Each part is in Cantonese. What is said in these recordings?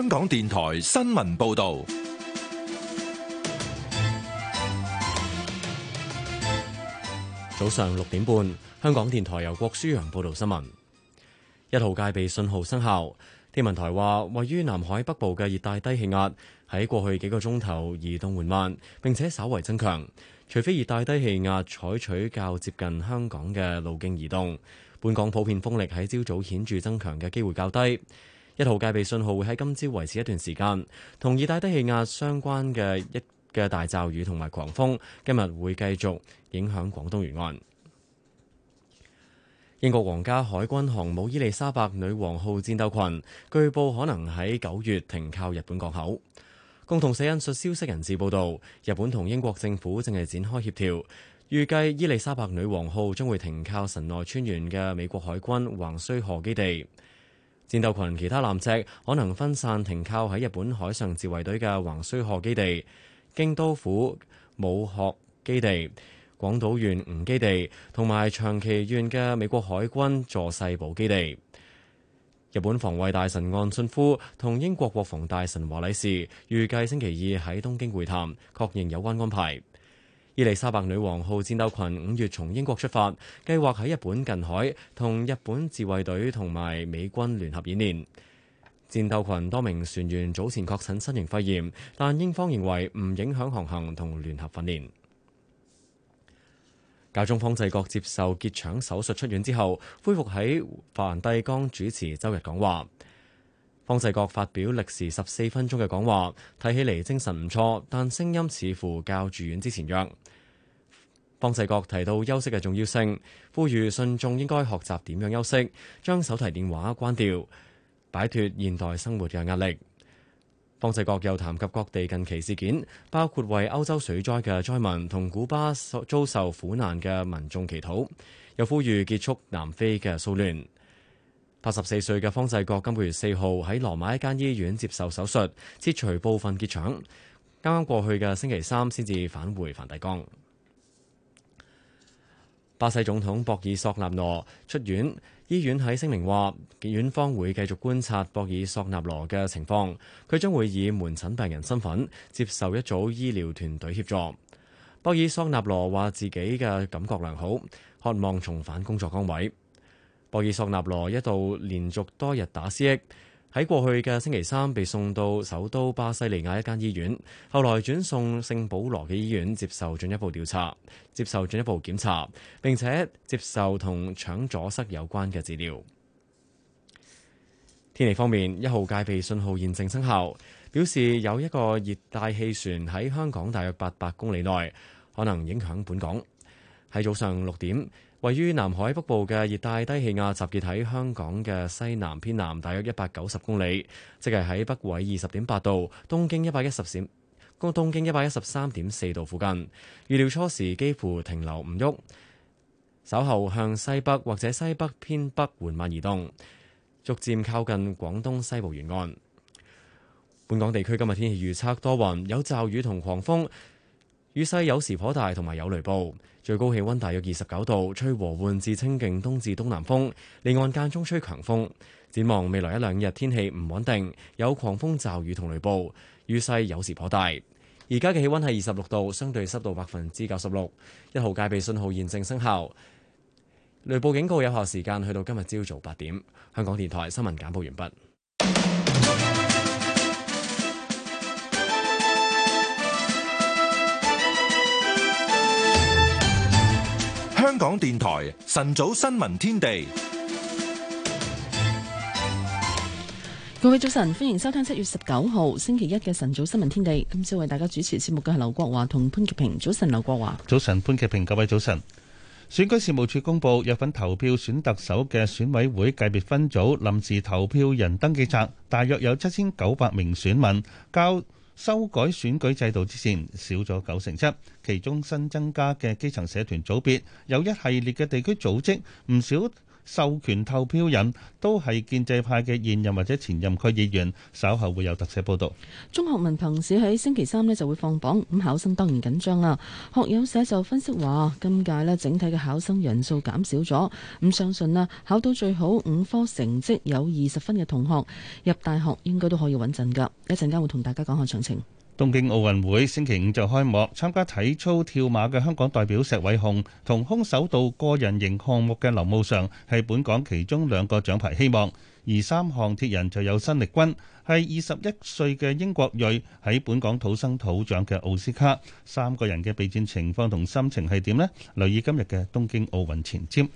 香港電台新聞報道。早上六點半，香港電台由郭舒揚報道新聞。一號戒備信號生效。天文台話，位於南海北部嘅熱帶低氣壓喺過去幾個鐘頭移動緩慢，並且稍為增強。除非熱帶低氣壓採取較接近香港嘅路徑移動，本港普遍風力喺朝早顯著增強嘅機會較低。一號戒備信號會喺今朝維持一段時間，同二大低氣壓相關嘅一嘅大驟雨同埋狂風，今日會繼續影響廣東沿岸。英國皇家海軍航母伊利莎白女王號戰鬥群據報可能喺九月停靠日本港口。共同社引述消息人士報道，日本同英國政府正係展開協調，預計伊利莎白女王號將會停靠神奈川縣嘅美國海軍橫須賀基地。戰鬥群其他艦隻可能分散停靠喺日本海上自衛隊嘅橫須賀基地、京都府武學基地、廣島縣吳基地同埋長崎縣嘅美國海軍佐世保基地。日本防衛大臣岸信夫同英國國防大臣華禮士預計星期二喺東京會談，確認有關安排。伊利沙伯女王號戰鬥群五月從英國出發，計劃喺日本近海同日本自衛隊同埋美軍聯合演練。戰鬥群多名船員早前確診新型肺炎，但英方認為唔影響航行同聯合訓練。教宗方濟各接受結腸手術出院之後，恢復喺梵蒂岡主持周日講話。方濟各發表歷時十四分鐘嘅講話，睇起嚟精神唔錯，但聲音似乎較住院之前弱。方濟各提到休息嘅重要性，呼籲信眾應該學習點樣休息，將手提電話關掉，擺脫現代生活嘅壓力。方濟各又談及各地近期事件，包括為歐洲水災嘅災民同古巴遭受苦難嘅民眾祈禱，又呼籲結束南非嘅騷亂。八十四歲嘅方濟各今個月四號喺羅馬一間醫院接受手術，切除部分結腸，啱啱過去嘅星期三先至返回梵蒂岡。巴西總統博爾索納羅出院，醫院喺聲明話，院方會繼續觀察博爾索納羅嘅情況，佢將會以門診病人身份接受一組醫療團隊協助。博爾索納羅話自己嘅感覺良好，渴望重返工作崗位。博爾索納羅一度連續多日打思噎。喺過去嘅星期三被送到首都巴西利亞一間醫院，後來轉送聖保羅嘅醫院接受進一步調查、接受進一步檢查，並且接受同腸阻塞有關嘅治療。天氣方面，一號戒備信號現正生效，表示有一個熱帶氣旋喺香港大約八百公里內，可能影響本港。喺早上六點，位於南海北部嘅熱帶低氣壓集結喺香港嘅西南偏南大約一百九十公里，即係喺北緯二十點八度、東經一百一十綫、東經一百一十三點四度附近。預料初時幾乎停留唔喐，稍後向西北或者西北偏北緩慢移動，逐漸靠近廣東西部沿岸。本港地區今日天氣預測多雲，有驟雨同狂風，雨勢有時頗大，同埋有雷暴。最高氣温大約二十九度，吹和緩至清勁東至東南風，離岸間中吹強風。展望未來一兩日天氣唔穩定，有狂風驟雨同雷暴，雨勢有時頗大。而家嘅氣温係二十六度，相對濕度百分之九十六，一號戒備信號現正生效，雷暴警告有效時間去到今日朝早八點。香港電台新聞簡報完畢。香港電台晨早新聞天地，各位早晨，歡迎收聽七月十九號星期一嘅晨早新聞天地。今朝為大家主持節目嘅係劉國華同潘潔平。早晨，劉國華，早晨，潘潔平。各位早晨。選舉事務處公佈有份投票選特首嘅選委會界別分組臨時投票人登記冊，大約有七千九百名選民交。修改選舉制度之前少咗九成七，其中新增加嘅基層社團組別有一系列嘅地區組織，唔少。授權投票人都係建制派嘅現任或者前任區議員，稍後會有特寫報道。中學文憑試喺星期三呢就會放榜，咁考生當然緊張啦。學友社就分析話，今屆呢整體嘅考生人數減少咗，咁相信考到最好五科成績有二十分嘅同學入大學應該都可以穩陣噶。一陣間會同大家講下詳情。東京奧運會星期五就開幕，參加體操跳馬嘅香港代表石偉雄同空手道個人型項目嘅劉慕裳係本港其中兩個獎牌希望。而三項鐵人就有新力軍，係二十一歲嘅英國裔，喺本港土生土長嘅奧斯卡。三個人嘅備戰情況同心情係點呢？留意今日嘅東京奧運前瞻。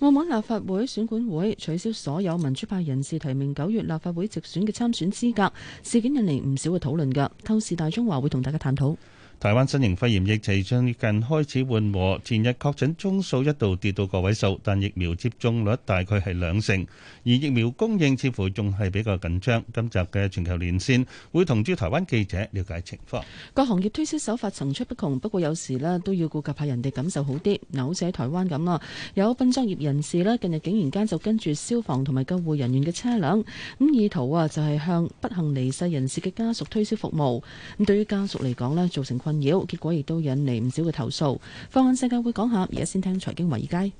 澳門立法會選管會取消所有民主派人士提名九月立法會直選嘅參選資格，事件引嚟唔少嘅討論㗎。透視大中華會同大家探討。台灣新型肺炎疫情最近開始緩和，前日確診宗數一度跌到個位數，但疫苗接種率大概係兩成，而疫苗供應似乎仲係比較緊張。今集嘅全球連線會同駐台灣記者瞭解情況。各行業推銷手法層出不窮，不過有時咧都要顧及下人哋感受好啲。嗱，好似喺台灣咁啊，有殯葬業人士咧，近日竟然間就跟住消防同埋救護人員嘅車輛，咁意圖啊就係向不幸離世人士嘅家屬推銷服務。咁對於家屬嚟講咧，造成～困擾，結果亦都引嚟唔少嘅投訴。放眼世界，會講下，而家先聽財經華爾街。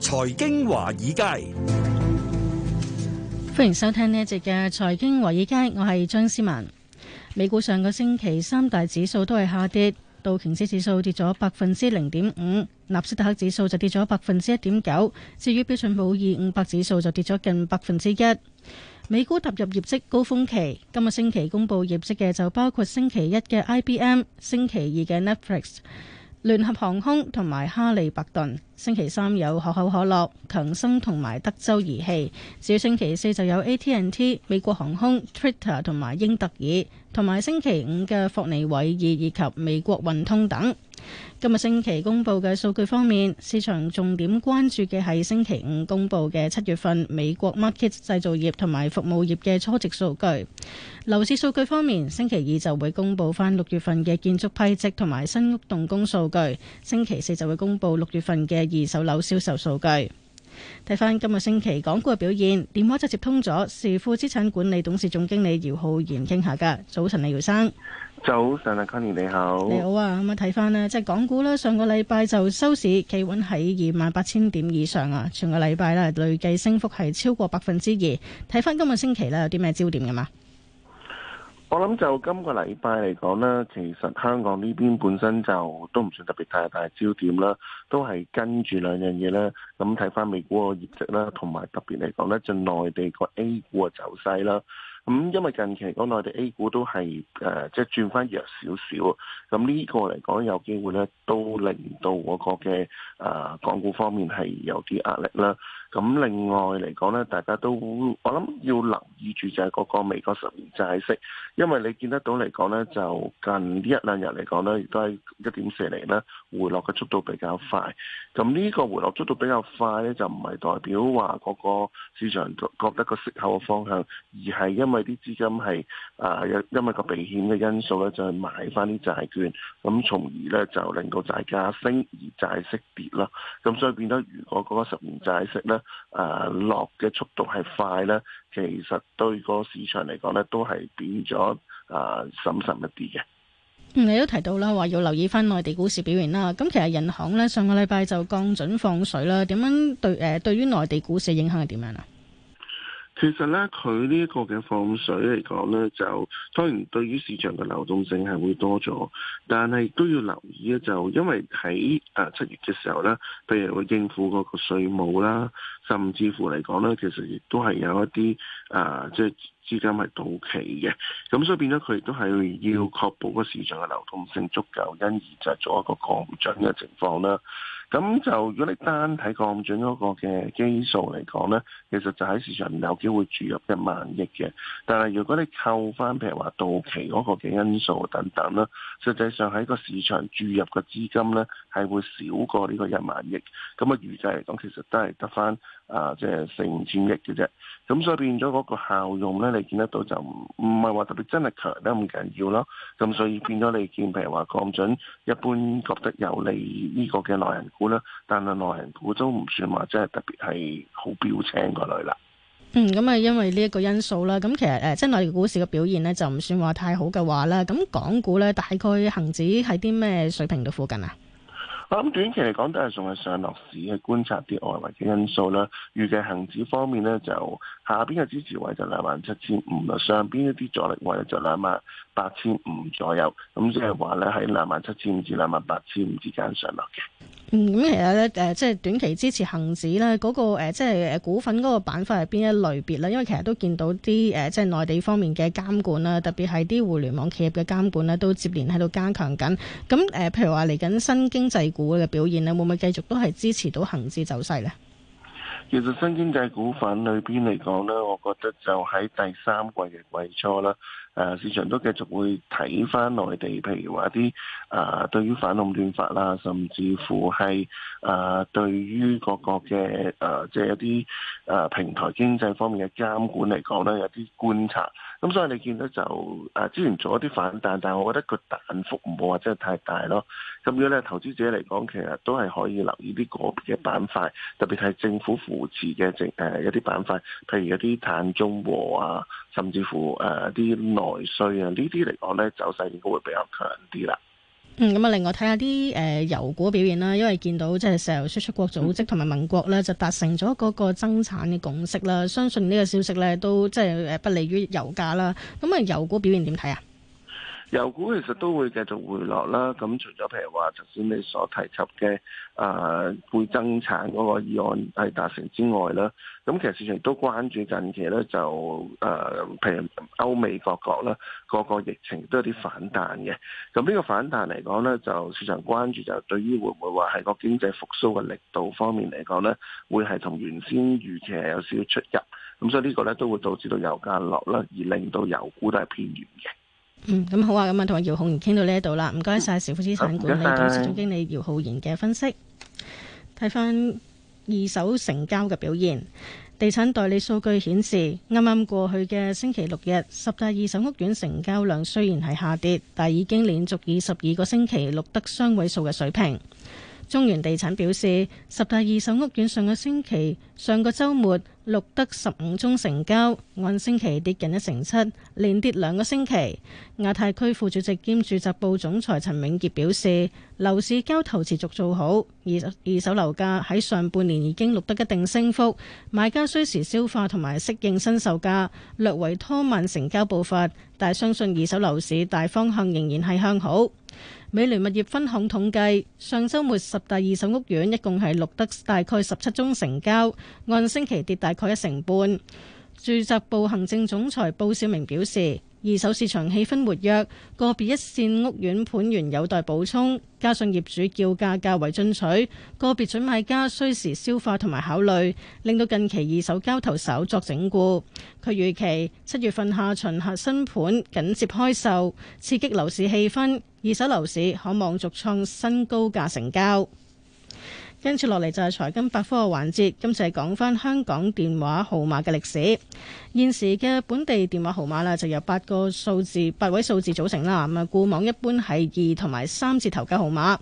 財經華爾街，歡迎收聽呢一節嘅財經華爾街，我係張思文。美股上個星期三大指數都係下跌，道瓊斯指數跌咗百分之零點五，納斯達克指數就跌咗百分之一點九，至於標準普爾五百指數就跌咗近百分之一。美股踏入業績高峰期，今個星期公佈業績嘅就包括星期一嘅 IBM、星期二嘅 Netflix、聯合航空同埋哈利伯頓，星期三有可口可樂、強生同埋德州儀器，至於星期四就有 AT&T、美國航空、Twitter 同埋英特爾。同埋星期五嘅霍尼韋爾以及美國運通等。今日星期公布嘅數據方面，市場重點關注嘅係星期五公布嘅七月份美國 market 製造業同埋服務業嘅初值數據。樓市數據方面，星期二就會公布返六月份嘅建築批准同埋新屋動工數據。星期四就會公布六月份嘅二手樓銷售數據。睇翻今個星期港股嘅表現，電話就接通咗，時富資產管理董事總經理姚浩然傾下噶。早晨啊，姚生，早晨啊 Connie 你好，你好啊。咁啊，睇翻咧，即係港股啦。上個禮拜就收市企穩喺二萬八千點以上啊。全個禮拜咧累計升幅係超過百分之二。睇翻今個星期咧有啲咩焦點噶嘛？我諗就今個禮拜嚟講呢，其實香港呢邊本身就都唔算特別太大，大焦點啦，都係跟住兩樣嘢啦。咁睇翻美股個業績啦，同埋特別嚟講呢，就內地個 A 股嘅走勢啦。咁因為近期嚟講，內地 A 股都係誒，即係轉翻弱少少，咁呢個嚟講有機會呢，都令到我個嘅誒港股方面係有啲壓力啦。咁另外嚟講咧，大家都我諗要留意住就係嗰個美國十年債息，因為你見得到嚟講咧，就近呢一兩日嚟講咧，亦都係一點四釐咧，回落嘅速度比較快。咁呢個回落速度比較快咧，就唔係代表話嗰個市場覺得個息口嘅方向，而係因為啲資金係啊，因為個避險嘅因素咧，就係買翻啲債券，咁從而咧就令到債價升而債息跌啦。咁所以變得，如果嗰個十年債息咧，啊，落嘅速度係快啦。其實對個市場嚟講呢都係變咗啊，審慎一啲嘅。你都提到啦，話要留意翻內地股市表現啦。咁其實銀行咧，上個禮拜就降準放水啦，點樣對誒、呃、對於內地股市嘅影響係點樣啊？其實咧，佢呢一個嘅放水嚟講咧，就當然對於市場嘅流動性係會多咗，但係都要留意咧，就因為喺誒七月嘅時候咧，譬如會應付嗰個稅務啦，甚至乎嚟講咧，其實亦都係有一啲即係資金係到期嘅，咁所以變咗佢亦都係要確保個市場嘅流動性足夠，因而就係做一個降準嘅情況啦。咁就如果你單睇降準嗰個嘅基數嚟講呢，其實就喺市場有機會注入一萬億嘅。但係如果你扣翻譬如話到期嗰個嘅因素等等啦，實際上喺個市場注入嘅資金呢，係會少過呢個一萬億。咁啊預計嚟講，其實都係得翻。啊，即係四五千億嘅啫，咁所以變咗嗰個效用咧，你見得到就唔唔係話特別真係強得咁緊要咯。咁所以變咗你見，譬如話降準，一般覺得有利呢個嘅內銀股啦，但係內銀股都唔算話真係特別係好標青嗰類啦。嗯，咁啊，因為呢一個因素啦，咁其實誒、呃，即係內銀股市嘅表現咧，就唔算話太好嘅話啦。咁港股咧，大概恒指喺啲咩水平度附近啊？咁短期嚟講都係仲係上落市去觀察啲外圍嘅因素啦。預計恒指方面咧就下邊嘅支持位就兩萬七千五啦，上邊一啲阻力位就兩萬八千五左右，咁即係話咧喺兩萬七千五至兩萬八千五之間上落嘅。嗯，咁其實咧，誒，即係短期支持恒指咧，嗰個誒，即係誒，股份嗰個板塊係邊一類別咧？因為其實都見到啲誒，即係內地方面嘅監管啦，特別係啲互聯網企業嘅監管咧，都接連喺度加強緊。咁誒，譬如話嚟緊新經濟股嘅表現咧，會唔會繼續都係支持到恒指走勢咧？其實新經濟股份裏邊嚟講咧，我覺得就喺第三季嘅季初啦。誒，市場都繼續會睇翻內地，譬如話一啲誒對於反壟斷法啦，甚至乎係誒對於各個嘅誒，即係一啲誒平台經濟方面嘅監管嚟講咧，有啲觀察。咁所以你見到就誒、啊、之前做一啲反彈，但係我覺得個彈幅唔好話真係太大咯。咁如果咧投資者嚟講，其實都係可以留意啲個別嘅板塊，特別係政府扶持嘅政誒一啲板塊，譬如一啲碳中和啊，甚至乎一啲內需啊，呢啲嚟講咧走勢應該會比較強啲啦。嗯，咁啊，另外睇下啲油股表現啦，因為見到即係石油輸出國組織同埋盟國咧，就達成咗嗰個增產嘅共識啦，相信呢個消息咧都即係不利於油價啦。咁啊，油股表現點睇啊？油股其實都會繼續回落啦。咁除咗譬如話，頭先你所提及嘅誒會增產嗰個議案係達成之外啦，咁其實市場亦都關注近期咧就誒、呃，譬如歐美各國啦，個個疫情都有啲反彈嘅。咁呢個反彈嚟講咧，就市場關注就係對於會唔會話係個經濟復甦嘅力度方面嚟講咧，會係同原先預期係有少少出入。咁所以呢個呢個咧都會導致到油價落啦，而令到油股都係偏軟嘅。嗯，咁好啊，咁啊，同阿姚浩然傾到呢一度啦，唔該晒，時富資產管理董事總經理姚浩然嘅分析。睇翻二手成交嘅表現，地產代理數據顯示，啱啱過去嘅星期六日，十大二手屋苑成交量雖然係下跌，但係已經連續二十二個星期錄得雙位數嘅水平。中原地產表示，十大二手屋苑上個星期、上個周末錄得十五宗成交，按星期跌近一成七，連跌兩個星期。亞太區副主席兼住宅部總裁陳永傑表示，樓市交投持續做好，二手二手樓價喺上半年已經錄得一定升幅，買家需時消化同埋適應新售價，略為拖慢成交步伐，但相信二手樓市大方向仍然係向好。美聯物業分行統計，上周末十大二手屋苑一共係錄得大概十七宗成交，按星期跌大概一成半。住宅部行政總裁布少明表示。二手市場氣氛活躍，個別一線屋苑盤源有待補充，加上業主叫價較為進取，個別準買家需時消化同埋考慮，令到近期二手交投稍作整固。佢預期七月份下旬核心新盤緊接開售，刺激樓市氣氛，二手樓市可望續創新高價成交。跟住落嚟就係財金百科嘅環節，今次係講翻香港電話號碼嘅歷史。現時嘅本地電話號碼啦，就由八個數字、八位數字組成啦。咁啊，固網一般係二同埋三字頭嘅號碼。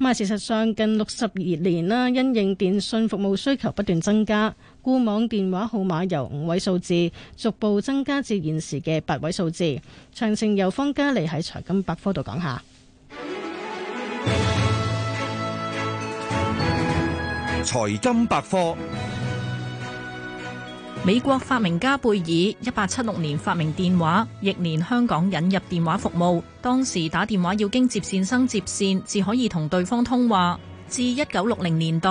咁啊，事實上近六十二年啦，因應電訊服務需求不斷增加，固網電話號碼由五位數字逐步增加至現時嘅八位數字。詳情由方嘉利喺財金百科度講下。 財金百科：美國發明家貝爾一八七六年發明電話，翌年香港引入電話服務。當時打電話要經接線生接線，至可以同對方通話。至一九六零年代，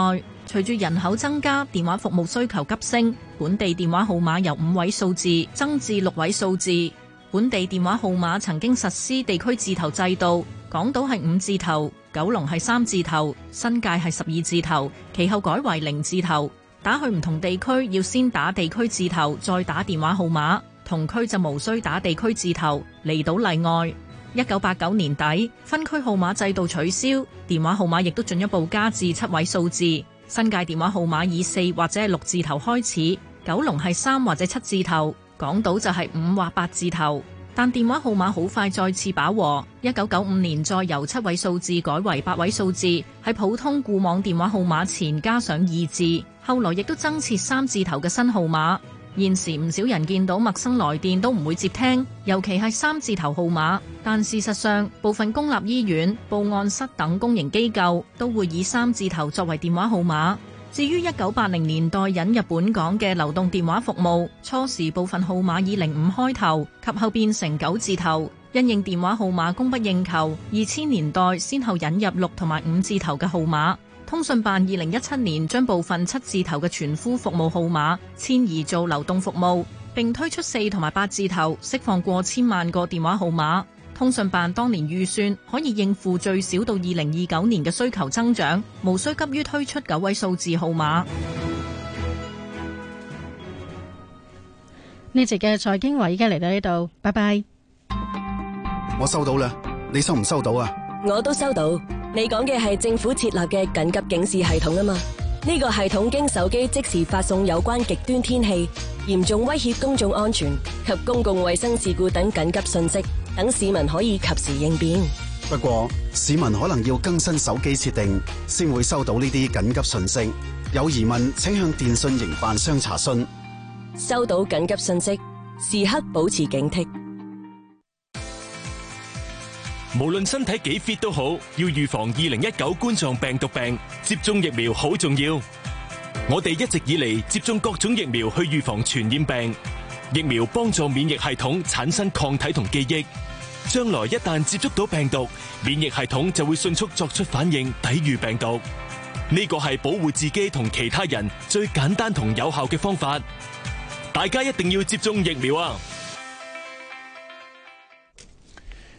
隨住人口增加，電話服務需求急升，本地電話號碼由五位數字增至六位數字。本地電話號碼曾經實施地區字頭制度，港島係五字頭。九龍係三字頭，新界係十二字頭，其後改為零字頭。打去唔同地區要先打地區字頭，再打電話號碼。同區就無需打地區字頭。離島例外。一九八九年底，分區號碼制度取消，電話號碼亦都進一步加至七位數字。新界電話號碼以四或者係六字頭開始，九龍係三或者七字頭，港島就係五或八字頭。但電話號碼好快再次飽和。一九九五年再由七位數字改為八位數字，喺普通固網電話號碼前加上二字。後來亦都增設三字頭嘅新號碼，現時唔少人見到陌生來電都唔會接聽，尤其係三字頭號碼，但事實上，部分公立醫院、報案室等公營機構都會以三字頭作為電話號碼。至於一九八零年代引入本港嘅流動電話服務，初時部分號碼以零五開頭，及後變成九字頭。因應電話號碼供不應求，二千年代先後引入六同埋五字頭嘅號碼。通訊辦二零一七年將部分七字頭嘅傳呼服務號碼遷移做流動服務，並推出四同埋八字頭，釋放過千萬個電話號碼。通訊辦當年預算可以應付最少到二零二九年嘅需求增長，無需急於推出九位數字號碼。呢節嘅財經話，依家嚟到呢度，拜拜。我收到啦，你收唔收到啊？我都收到，你講嘅係政府設立嘅緊急警示系統啊嘛。呢個系統經手機即時發送有關極端天氣、嚴重威脅公眾安全及公共衛生事故等緊急信息，等市民可以及時應變。不過，市民可能要更新手機設定，先會收到呢啲緊急訊息。有疑問，請向電信營辦商查詢。收到緊急信息，時刻保持警惕。無論身體幾 fit 都好，要預防2019冠狀病毒病，接種疫苗好重要。我哋一直以嚟，接種各種疫苗去預防傳染病，疫苗幫助免疫系統產生抗體同記憶，將來一旦接觸到病毒，免疫系統就會迅速作出反應抵禦病毒。呢個係保護自己同其他人最簡單同有效嘅方法，大家一定要接種疫苗啊！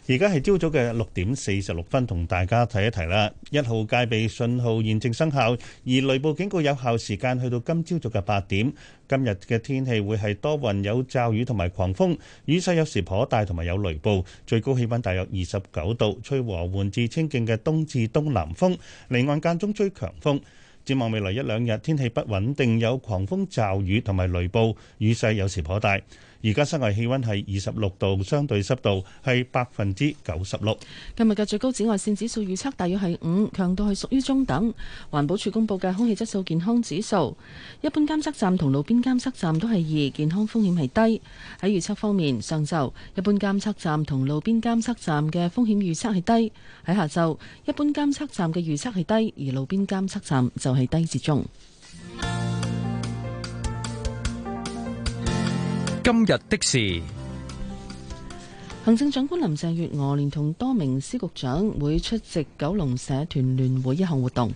而家係朝早嘅六點四十六分，同大家提一提啦。一號戒備信號現正生效，而雷暴警告有效時間去到今朝早嘅八點。今日嘅天氣會係多雲有驟雨同埋狂風，雨勢有時頗大，同埋有雷暴。最高氣温大約二十九度，吹和緩至清勁嘅東至東南風，離岸間中吹強風。展望未來一兩日天氣不穩定，有狂風驟雨同埋雷暴，雨勢有時頗大。而家室外氣温係二十六度，相對濕度係百分之九十六。今日嘅最高紫外線指數預測大約係五，強度係屬於中等。環保署公佈嘅空氣質素健康指數，一般監測站同路邊監測站都係二，健康風險係低。喺預測方面，上晝一般監測站同路邊監測站嘅風險預測係低；喺下晝，一般監測站嘅預測係低，低，而路邊監測站就係低至中。今日的事，行政長官林鄭月娥連同多名司局長會出席九龍社團聯會一項活動。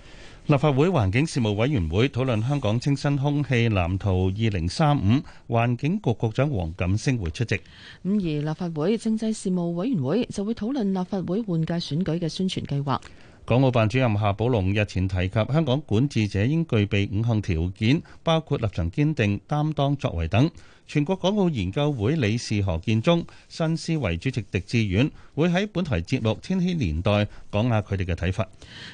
立法會環境事務委員會討論香港清新空氣藍圖二零三五，環境局局長黃錦星會出席。咁而立法會政制事務委員會就會討論立法會換屆選舉嘅宣傳計劃。港澳辦主任夏寶龍日前提及，香港管治者應具備五項條件，包括立場堅定、擔當作為等。全國港澳研究會理事何建宗、新思維主席狄志遠會喺本台節目《天禧年代》講下佢哋嘅睇法。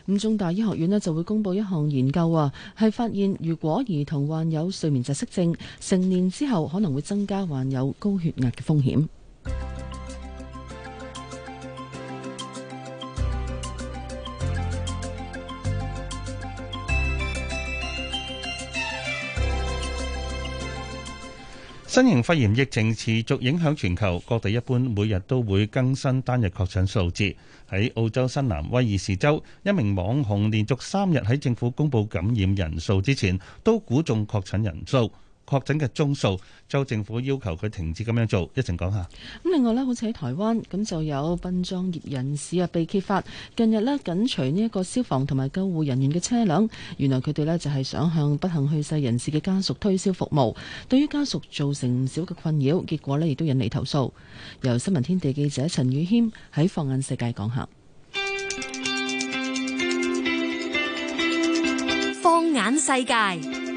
咁中大醫學院呢就會公布一項研究啊，係發現如果兒童患有睡眠窒息症，成年之後可能會增加患有高血壓嘅風險。新型肺炎疫情持續影響全球，各地一般每日都會更新單日確診數字。喺澳洲新南威爾士州，一名網紅連續三日喺政府公佈感染人數之前，都估中確診人數。確診嘅宗數，州政府要求佢停止咁樣做，一陣講下。咁另外咧，好似喺台灣咁，就有殯葬業人士啊，被揭發，近日咧，緊隨呢一個消防同埋救護人員嘅車輛，原來佢哋咧，就係想向不幸去世人士嘅家屬推銷服務，對於家屬造成唔少嘅困擾，結果咧，亦都引嚟投訴。由新聞天地記者陳宇謙喺放眼世界講下。放眼世界。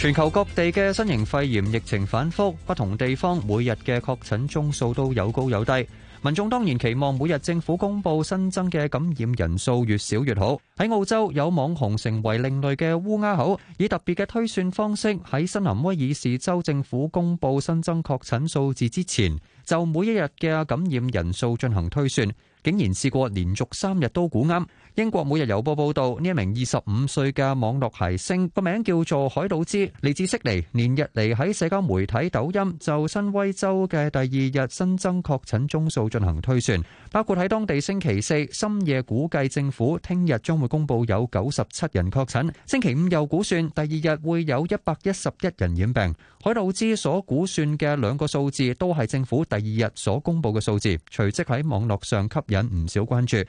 全球各地嘅新型肺炎疫情反覆，不同地方每日嘅確診宗數都有高有低。民眾當然期望每日政府公布新增嘅感染人數越少越好。喺澳洲，有網紅成為另類嘅烏鴉口，以特別嘅推算方式喺新南威爾士州政府公布新增確診數字之前，就每一日嘅感染人數進行推算，竟然試過連續三日都估啱。英國每日郵報報道，呢一名25歲嘅網絡諧星，個名叫做海島之，嚟自悉尼，連日嚟喺社交媒體抖音就新威州嘅第二日新增確診宗數進行推算。包括喺當地星期四深夜估計政府聽日將會公布有97人確診，星期五又估算第二日會有一百一十一人染病。海島之所估算嘅兩個數字都係政府第二日所公布嘅數字，隨即喺網絡上吸引唔少關注。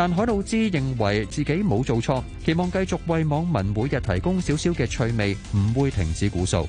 但海老枝認為自己冇做錯，期望繼續為網民每日提供少少嘅趣味，唔會停止估數。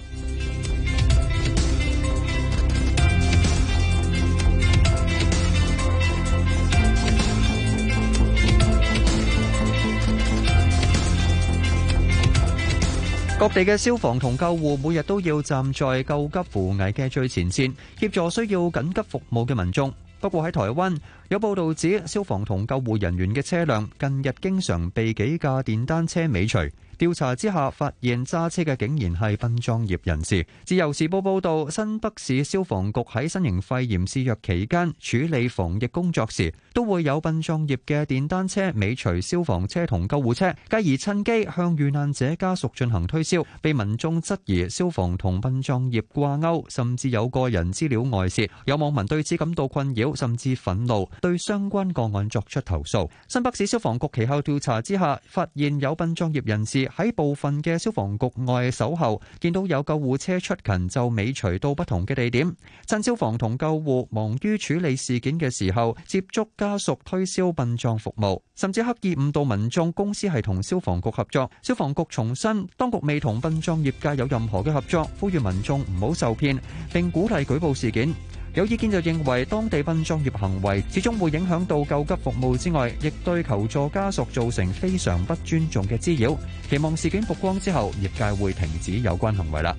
各地嘅消防同救護每日都要站在救急扶危嘅最前線，協助需要緊急服務嘅民眾。不過喺台灣有報道指消防同救護人員嘅車輛近日經常被幾架電單車尾隨。調查之下，發現揸車嘅竟然係殯葬業人士。自由時報報導，新北市消防局喺新型肺炎肆虐期間處理防疫工作時，都會有殯葬業嘅電單車尾隨消防車同救護車，繼而趁機向遇難者家屬進行推銷，被民眾質疑消防同殯葬業掛鈎，甚至有個人資料外泄。有網民對此感到困擾，甚至憤怒，對相關個案作出投訴。新北市消防局其後調查之下，發現有殯葬業人士。喺部分嘅消防局外守候，見到有救護車出勤就尾隨到不同嘅地點。趁消防同救護忙於處理事件嘅時候，接觸家屬推銷殯葬服務，甚至刻意誤導民眾，公司係同消防局合作。消防局重申，當局未同殯葬業界有任何嘅合作，呼籲民眾唔好受騙，並鼓勵舉報事件。有意見就認為，當地殯葬業行為始終會影響到救急服務之外，亦對求助家屬造成非常不尊重嘅滋擾。期望事件曝光之後，業界會停止有關行為啦。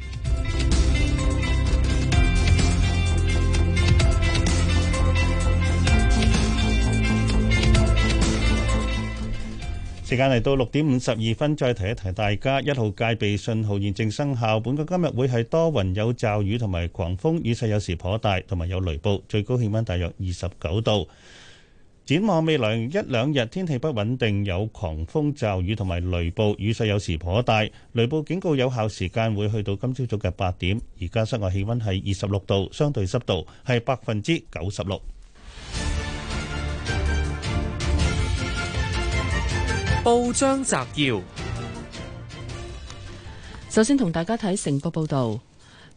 時間嚟到六點五十二分，再提一提大家，一號戒備信號現正生效。本港今日會係多雲有驟雨同埋狂風，雨勢有時頗大，同埋有雷暴。最高氣温大約二十九度。展望未來一兩日，天氣不穩定，有狂風驟雨同埋雷暴，雨勢有時頗大。雷暴警告有效時間會去到今朝早嘅八點。而家室外氣温係二十六度，相對濕度係百分之九十六。報章摘要，首先同大家睇成報報道。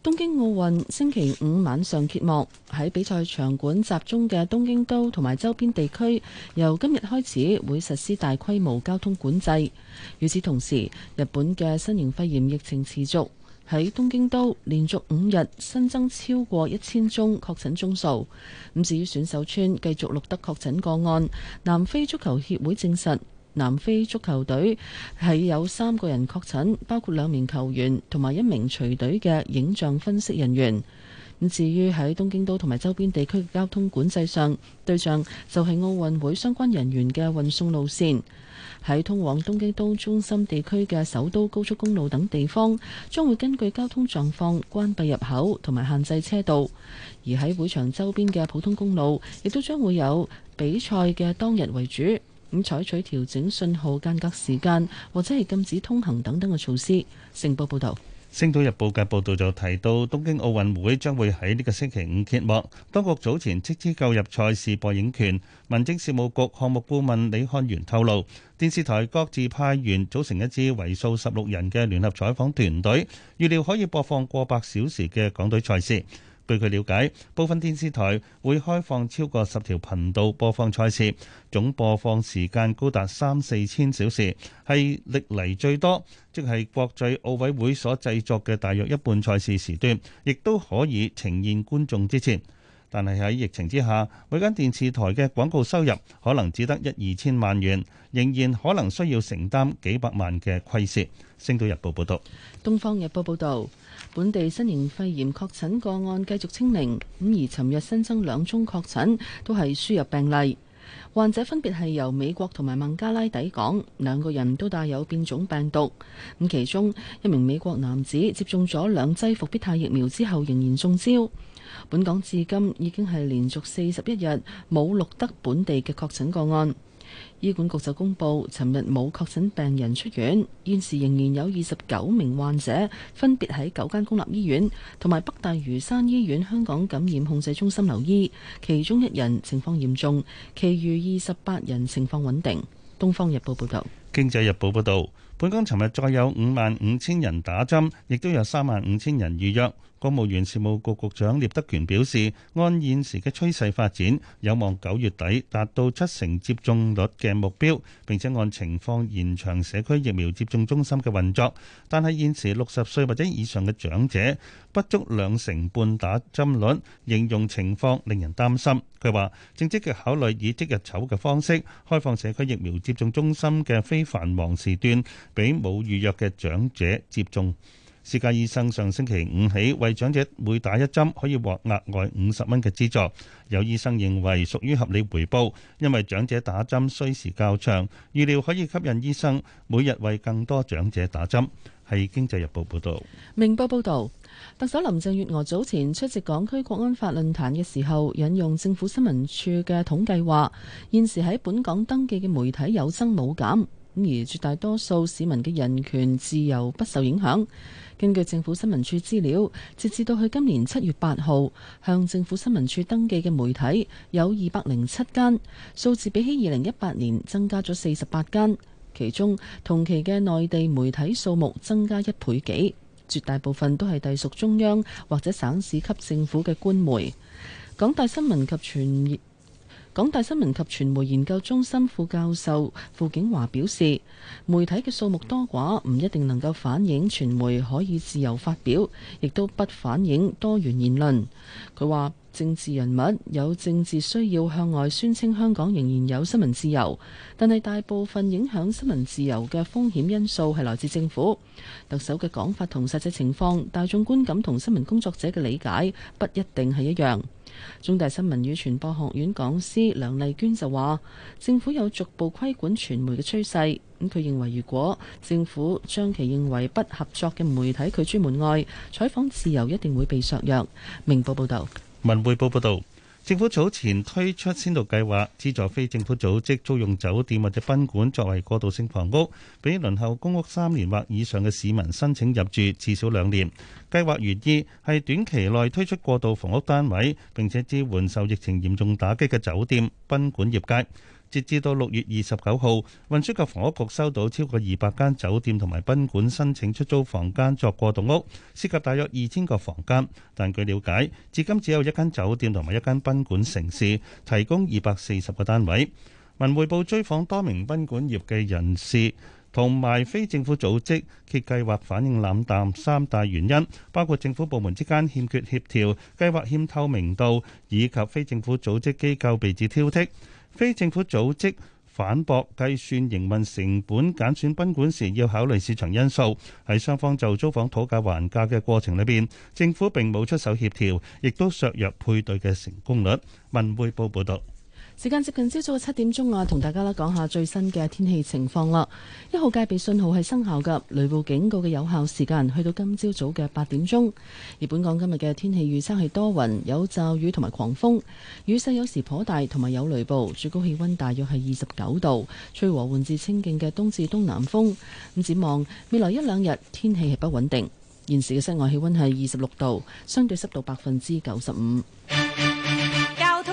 東京奧運星期五晚上揭幕，喺比賽場館集中嘅東京都同埋周邊地區，由今日開始會實施大規模交通管制。與此同時，日本嘅新型肺炎疫情持續，喺東京都連續五日新增超過一千宗確診宗數。咁至於選手村繼續錄得確診個案，南非足球協會證實。南非足球隊係有三個人確診，包括兩名球員同埋一名隨隊嘅影像分析人員。咁至於喺東京都同埋周邊地區嘅交通管制上，對象就係奧運會相關人員嘅運送路線，喺通往東京都中心地區嘅首都高速公路等地方，將會根據交通狀況關閉入口同埋限制車道。而喺會場周邊嘅普通公路，亦都將會有比賽嘅當日為主。咁採取調整信號間隔時間，或者係禁止通行等等嘅措施。成報報導，《星島日報》嘅報導就提到，東京奧運會將會喺呢個星期五揭幕。當局早前斥資購入賽事播映權，民政事務局項目顧問李漢源透露，電視台各自派員組成一支為數十六人嘅聯合採訪團隊，預料可以播放過百小時嘅港隊賽事。據佢了解，部分電視台會開放超過十條頻道播放賽事，總播放時間高達三四千小時，係歷嚟最多，即係國際奧委會所製作嘅大約一半賽事時段，亦都可以呈現觀眾之前。但係喺疫情之下，每間電視台嘅廣告收入可能只得一二千萬元，仍然可能需要承擔幾百萬嘅虧蝕。星島日報報道。東方日報報道。本地新型肺炎確診個案繼續清零，咁而尋日新增兩宗確診都係輸入病例，患者分別係由美國同埋孟加拉抵港，兩個人都帶有變種病毒。咁其中一名美國男子接種咗兩劑復必泰疫苗之後仍然中招。本港至今已經係連續四十一日冇錄得本地嘅確診個案。醫管局就公布，尋日冇確診病人出院，現時仍然有二十九名患者，分別喺九間公立醫院同埋北大嶼山醫院香港感染控制中心留醫，其中一人情況嚴重，其餘二十八人情況穩定。東方日報報道。經濟日報報道，本港尋日再有五萬五千人打針，亦都有三萬五千人預約。公務員事務局局長聶德權表示，按現時嘅趨勢發展，有望九月底達到七成接種率嘅目標，並且按情況延長社區疫苗接種中心嘅運作。但係現時六十歲或者以上嘅長者不足兩成半打針率，形容情況令人擔心。佢話正積極考慮以即日籌嘅方式開放社區疫苗接種中心嘅非繁忙時段，俾冇預約嘅長者接種。私家醫生上星期五起為長者每打一針可以獲額外五十蚊嘅資助，有醫生認為屬於合理回報，因為長者打針需時較長，預料可以吸引醫生每日為更多長者打針。係《經濟日報》報導，《明報》報導，特首林鄭月娥早前出席港區國安法論壇嘅時候，引用政府新聞處嘅統計話，現時喺本港登記嘅媒體有增冇減。咁而絕大多數市民嘅人權自由不受影響。根據政府新聞處資料，截至到去今年七月八號，向政府新聞處登記嘅媒體有二百零七間，數字比起二零一八年增加咗四十八間，其中同期嘅內地媒體數目增加一倍幾，絕大部分都係隸屬中央或者省市級政府嘅官媒。港大新聞及傳港大新聞及傳媒研究中心副教授傅景華表示，媒體嘅數目多寡唔一定能夠反映傳媒可以自由發表，亦都不反映多元言論。佢話：政治人物有政治需要向外宣稱香港仍然有新聞自由，但係大部分影響新聞自由嘅風險因素係來自政府。特首嘅講法同實際情況、大眾觀感同新聞工作者嘅理解不一定係一樣。中大新聞與傳播學院講師梁麗娟就話，政府有逐步規管傳媒嘅趨勢。咁佢認為，如果政府將其認為不合作嘅媒體拒諸門外，採訪自由一定會被削弱。明報報道，文匯報報道。政府早前推出先導計劃，資助非政府組織租用酒店或者賓館作為過渡性房屋，俾輪候公屋三年或以上嘅市民申請入住至少兩年。計劃原意係短期內推出過渡房屋單位，並且支援受疫情嚴重打擊嘅酒店、賓館業界。截至到六月二十九號，運輸及房屋局收到超過二百間酒店同埋賓館申請出租房間作過渡屋，涉及大約二千個房間。但據了解，至今只有一間酒店同埋一間賓館成事，提供二百四十個單位。文匯報追訪多名賓館業嘅人士同埋非政府組織，揭計劃反應冷淡三大原因，包括政府部門之間欠缺協調，計劃欠透明度，以及非政府組織機構被指挑剔。非政府組織反駁計算營運成本、揀選賓館時要考慮市場因素，喺雙方就租房討價還價嘅過程裏邊，政府並冇出手協調，亦都削弱配對嘅成功率。文匯報報道。時間接近朝早嘅七點鐘啊，同大家啦講下最新嘅天氣情況啦。一號戒備信號係生效嘅，雷暴警告嘅有效時間去到今朝早嘅八點鐘。而本港今日嘅天氣預測係多雲，有驟雨同埋狂風，雨勢有時頗大，同埋有雷暴。最高氣溫大約係二十九度，吹和緩至清勁嘅東至東南風。咁展望未來一兩日天氣係不穩定。現時嘅室外氣溫係二十六度，相對濕度百分之九十五。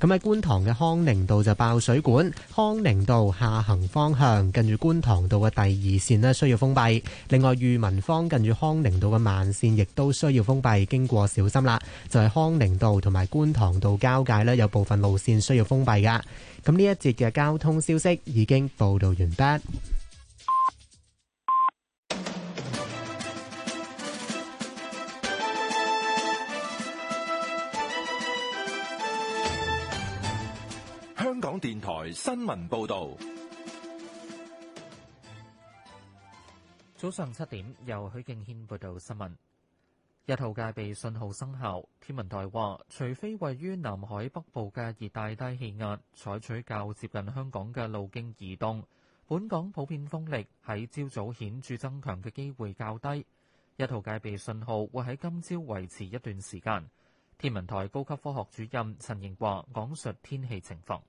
咁喺觀塘嘅康寧道就爆水管，康寧道下行方向近住觀塘道嘅第二線呢，需要封閉。另外裕民坊近住康寧道嘅慢線亦都需要封閉，經過小心啦。就係康寧道同埋觀塘道交界呢，有部分路線需要封閉㗎。咁呢一節嘅交通消息已經報道完畢。香港電台新聞報道，早上七點由許敬軒報道新聞。一號戒備信號生效，天文台話，除非位於南海北部嘅熱帶低氣壓採取較接近香港嘅路徑移動，本港普遍風力喺朝早顯著增強嘅機會較低。一號戒備信號會喺今朝維持一段時間。天文台高級科學主任陳瑩華，講述天氣情況。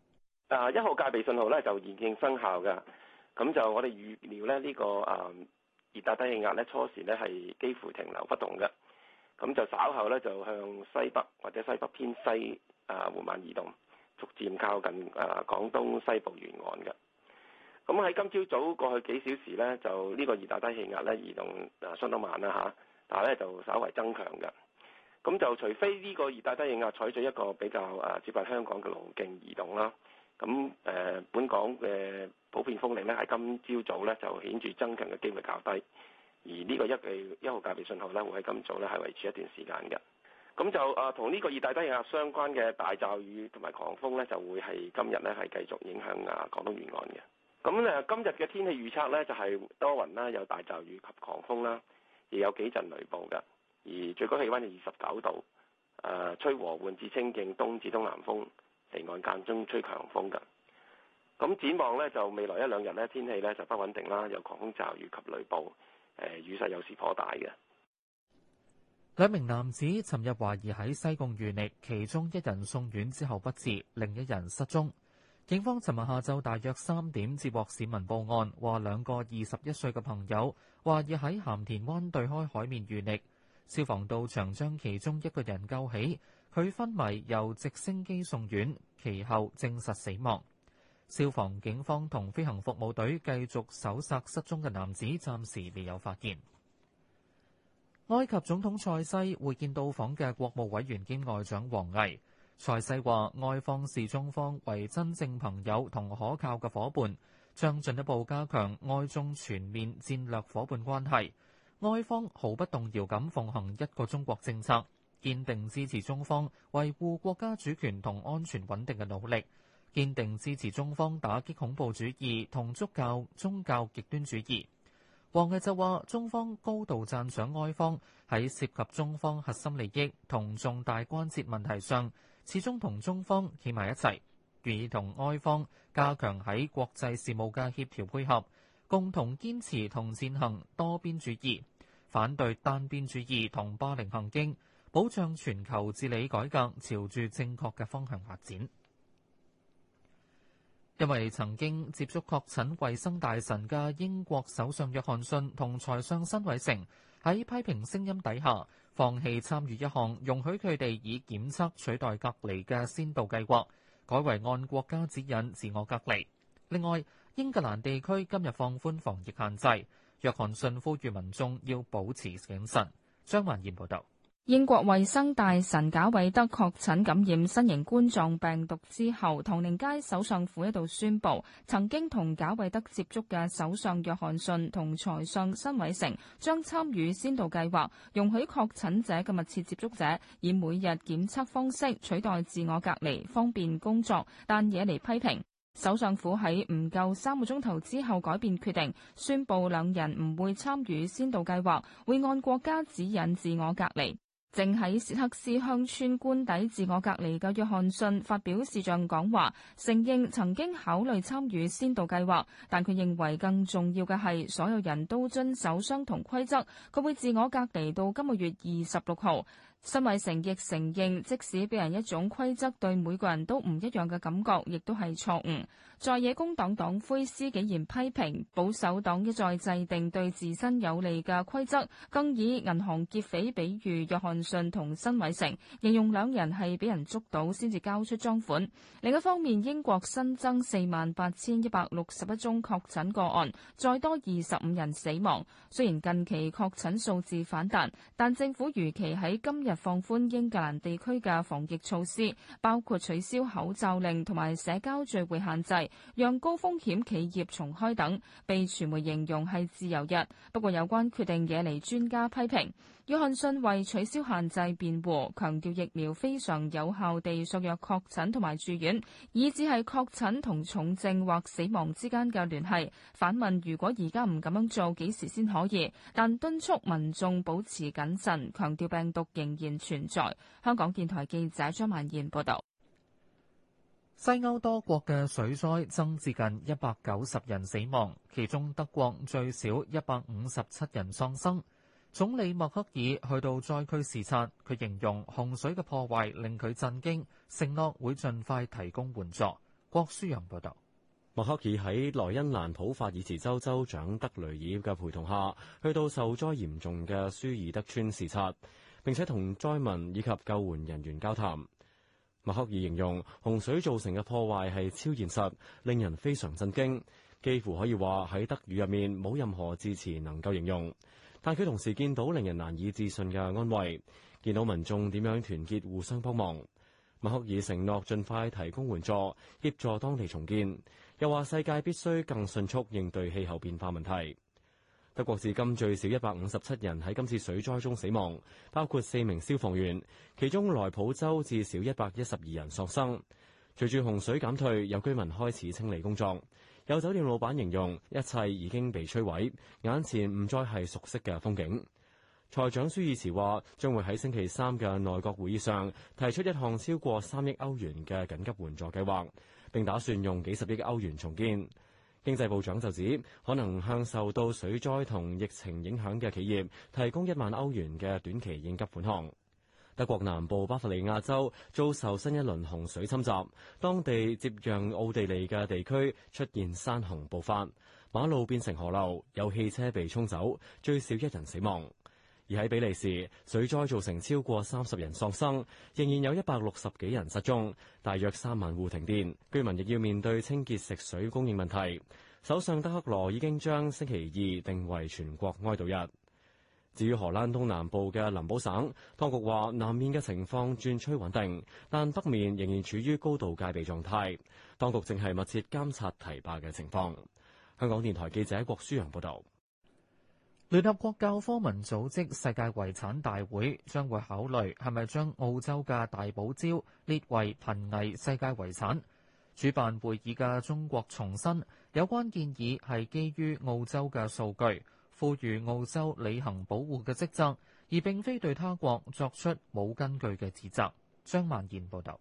啊！一號戒備信號咧就已經生效㗎。咁就我哋預料咧呢個啊熱帶低氣壓咧初時咧係幾乎停留不動嘅。咁就稍後咧就向西北或者西北偏西啊緩慢移動，逐漸靠近啊廣東西部沿岸嘅。咁喺今朝早過去幾小時咧，就呢個熱帶低氣壓咧移動啊相當慢啦嚇、啊，但係咧就稍為增強嘅。咁就除非呢個熱帶低氣壓採取一個比較啊接近香港嘅路徑移動啦。咁誒、呃，本港嘅普遍風力呢喺今朝早、早呢就顯著增強嘅機會較低，而呢個一嘅一號戒備信號呢會喺今早呢係維持一段時間嘅。咁就啊，同、呃、呢個熱帶低壓相關嘅大驟雨同埋狂風呢就會係今日呢係繼續影響啊廣東沿岸嘅。咁誒、呃，今日嘅天氣預測呢就係、是、多雲啦，有大驟雨及狂風啦，亦有幾陣雷暴㗎。而最高氣溫係二十九度，誒、呃，吹和緩至清勁東至東南風。離岸間中吹強風㗎，咁展望呢，就未來一兩日呢，天氣呢就不穩定啦，有狂風驟雨及雷暴，誒雨勢有時頗大嘅。兩名男子尋日懷疑喺西貢遇溺，其中一人送院之後不治，另一人失蹤。警方尋日下晝大約三點接獲市民報案，話兩個二十一歲嘅朋友懷疑喺鹹田灣對開海面遇溺，消防到場將其中一個人救起，佢昏迷，由直升機送院，其後證實死亡。消防、警方同飛行服務隊繼續搜索失蹤嘅男子，暫時未有發現。埃及總統塞西會見到訪嘅國務委員兼外長王毅。塞西話，埃方視中方為真正朋友同可靠嘅伙伴，將進一步加強埃中全面戰略伙伴關係。埃方毫不動搖咁奉行一個中國政策。堅定支持中方維護國家主權同安全穩定嘅努力，堅定支持中方打擊恐怖主義同宗教宗教極端主義。王毅就話：中方高度讚賞埃方喺涉及中方核心利益同重大關切問題上，始終同中方企埋一齊，願意同埃方加強喺國際事務嘅協調配合，共同堅持同踐行多邊主義，反對單邊主義同霸凌行徑。保障全球治理改革朝住正確嘅方向發展。因為曾經接觸確診衛生大臣嘅英國首相約翰遜同財相辛偉誠喺批評聲音底下放棄參與一項容許佢哋以檢測取代隔離嘅先導計劃，改為按國家指引自我隔離。另外，英格蘭地區今日放寬防疫限制，約翰遜呼籲民眾要保持謹慎。張曼賢報道。英國衛生大臣賈偉德確診感染新型冠狀病毒之後，唐寧街首相府一度宣布，曾經同賈偉德接觸嘅首相約翰遜同財相辛偉誠將參與先導計劃，容許確診者嘅密切接觸者以每日檢測方式取代自我隔離，方便工作，但惹嚟批評。首相府喺唔夠三個鐘頭之後改變決定，宣布兩人唔會參與先導計劃，會按國家指引自我隔離。正喺契克斯鄉村官邸自我隔離嘅約翰遜發表視像講話，承認曾經考慮參與先導計劃，但佢認為更重要嘅係所有人都遵守相同規則。佢會自我隔離到今個月二十六號。新偉成亦承認，即使俾人一種規則對每個人都唔一樣嘅感覺，亦都係錯誤。在野工黨黨魁施紀賢批評保守黨一再制定對自身有利嘅規則，更以銀行劫匪比喻約翰遜同辛偉誠，形容兩人係俾人捉到先至交出贓款。另一方面，英國新增四萬八千一百六十一宗確診個案，再多二十五人死亡。雖然近期確診數字反彈，但政府如期喺今日放寬英格蘭地區嘅防疫措施，包括取消口罩令同埋社交聚會限制。讓高風險企業重開等，被傳媒形容係自由日。不過有關決定惹嚟專家批評。約翰遜為取消限制辯護，強調疫苗非常有效地削弱確診同埋住院，以致係確診同重症或死亡之間嘅聯繫。反問如果而家唔咁樣做，幾時先可以？但敦促民眾保持謹慎，強調病毒仍然存在。香港電台記者張曼燕報道。西歐多國嘅水災增至近一百九十人死亡，其中德國最少一百五十七人喪生。總理默克爾去到災區視察，佢形容洪水嘅破壞令佢震驚，承諾會盡快提供援助。郭舒揚報導，默克爾喺萊茵蘭普法爾茨州州長德雷爾嘅陪同下去到受災嚴重嘅舒爾德村視察，並且同災民以及救援人員交談。默克爾形容洪水造成嘅破壞係超現實，令人非常震驚，幾乎可以話喺德語入面冇任何字詞能夠形容。但佢同時見到令人難以置信嘅安慰，見到民眾點樣團結互相幫忙。默克爾承諾盡快提供援助，協助當地重建。又話世界必須更迅速應對氣候變化問題。德國至今最少一百五十七人喺今次水災中死亡，包括四名消防員，其中萊普州至少一百一十二人喪生。隨住洪水減退，有居民開始清理工作。有酒店老闆形容一切已經被摧毀，眼前唔再係熟悉嘅風景。財長舒爾茨話，將會喺星期三嘅內閣會議上提出一項超過三億歐元嘅緊急援助計劃，並打算用幾十億歐元重建。經濟部長就指，可能向受到水災同疫情影響嘅企業提供一萬歐元嘅短期應急款項。德國南部巴伐利亞州遭受新一輪洪水侵襲，當地接壤奧地利嘅地區出現山洪暴發，馬路變成河流，有汽車被沖走，最少一人死亡。而喺比利時，水災造成超過三十人喪生，仍然有一百六十幾人失蹤，大約三萬戶停電，居民亦要面對清潔食水供應問題。首相德克羅已經將星期二定為全國哀悼日。至於荷蘭東南部嘅林堡省，當局話南面嘅情況轉趨穩定，但北面仍然處於高度戒備狀態。當局正係密切監察堤壩嘅情況。香港電台記者郭舒揚報道。聯合國教科文組織世界遺產大會將會考慮係咪將澳洲嘅大堡礁列為瀕危世界遺產。主辦會議嘅中國重申，有關建議係基於澳洲嘅數據，賦予澳洲履行保護嘅職責，而並非對他國作出冇根據嘅指責。張曼賢報導。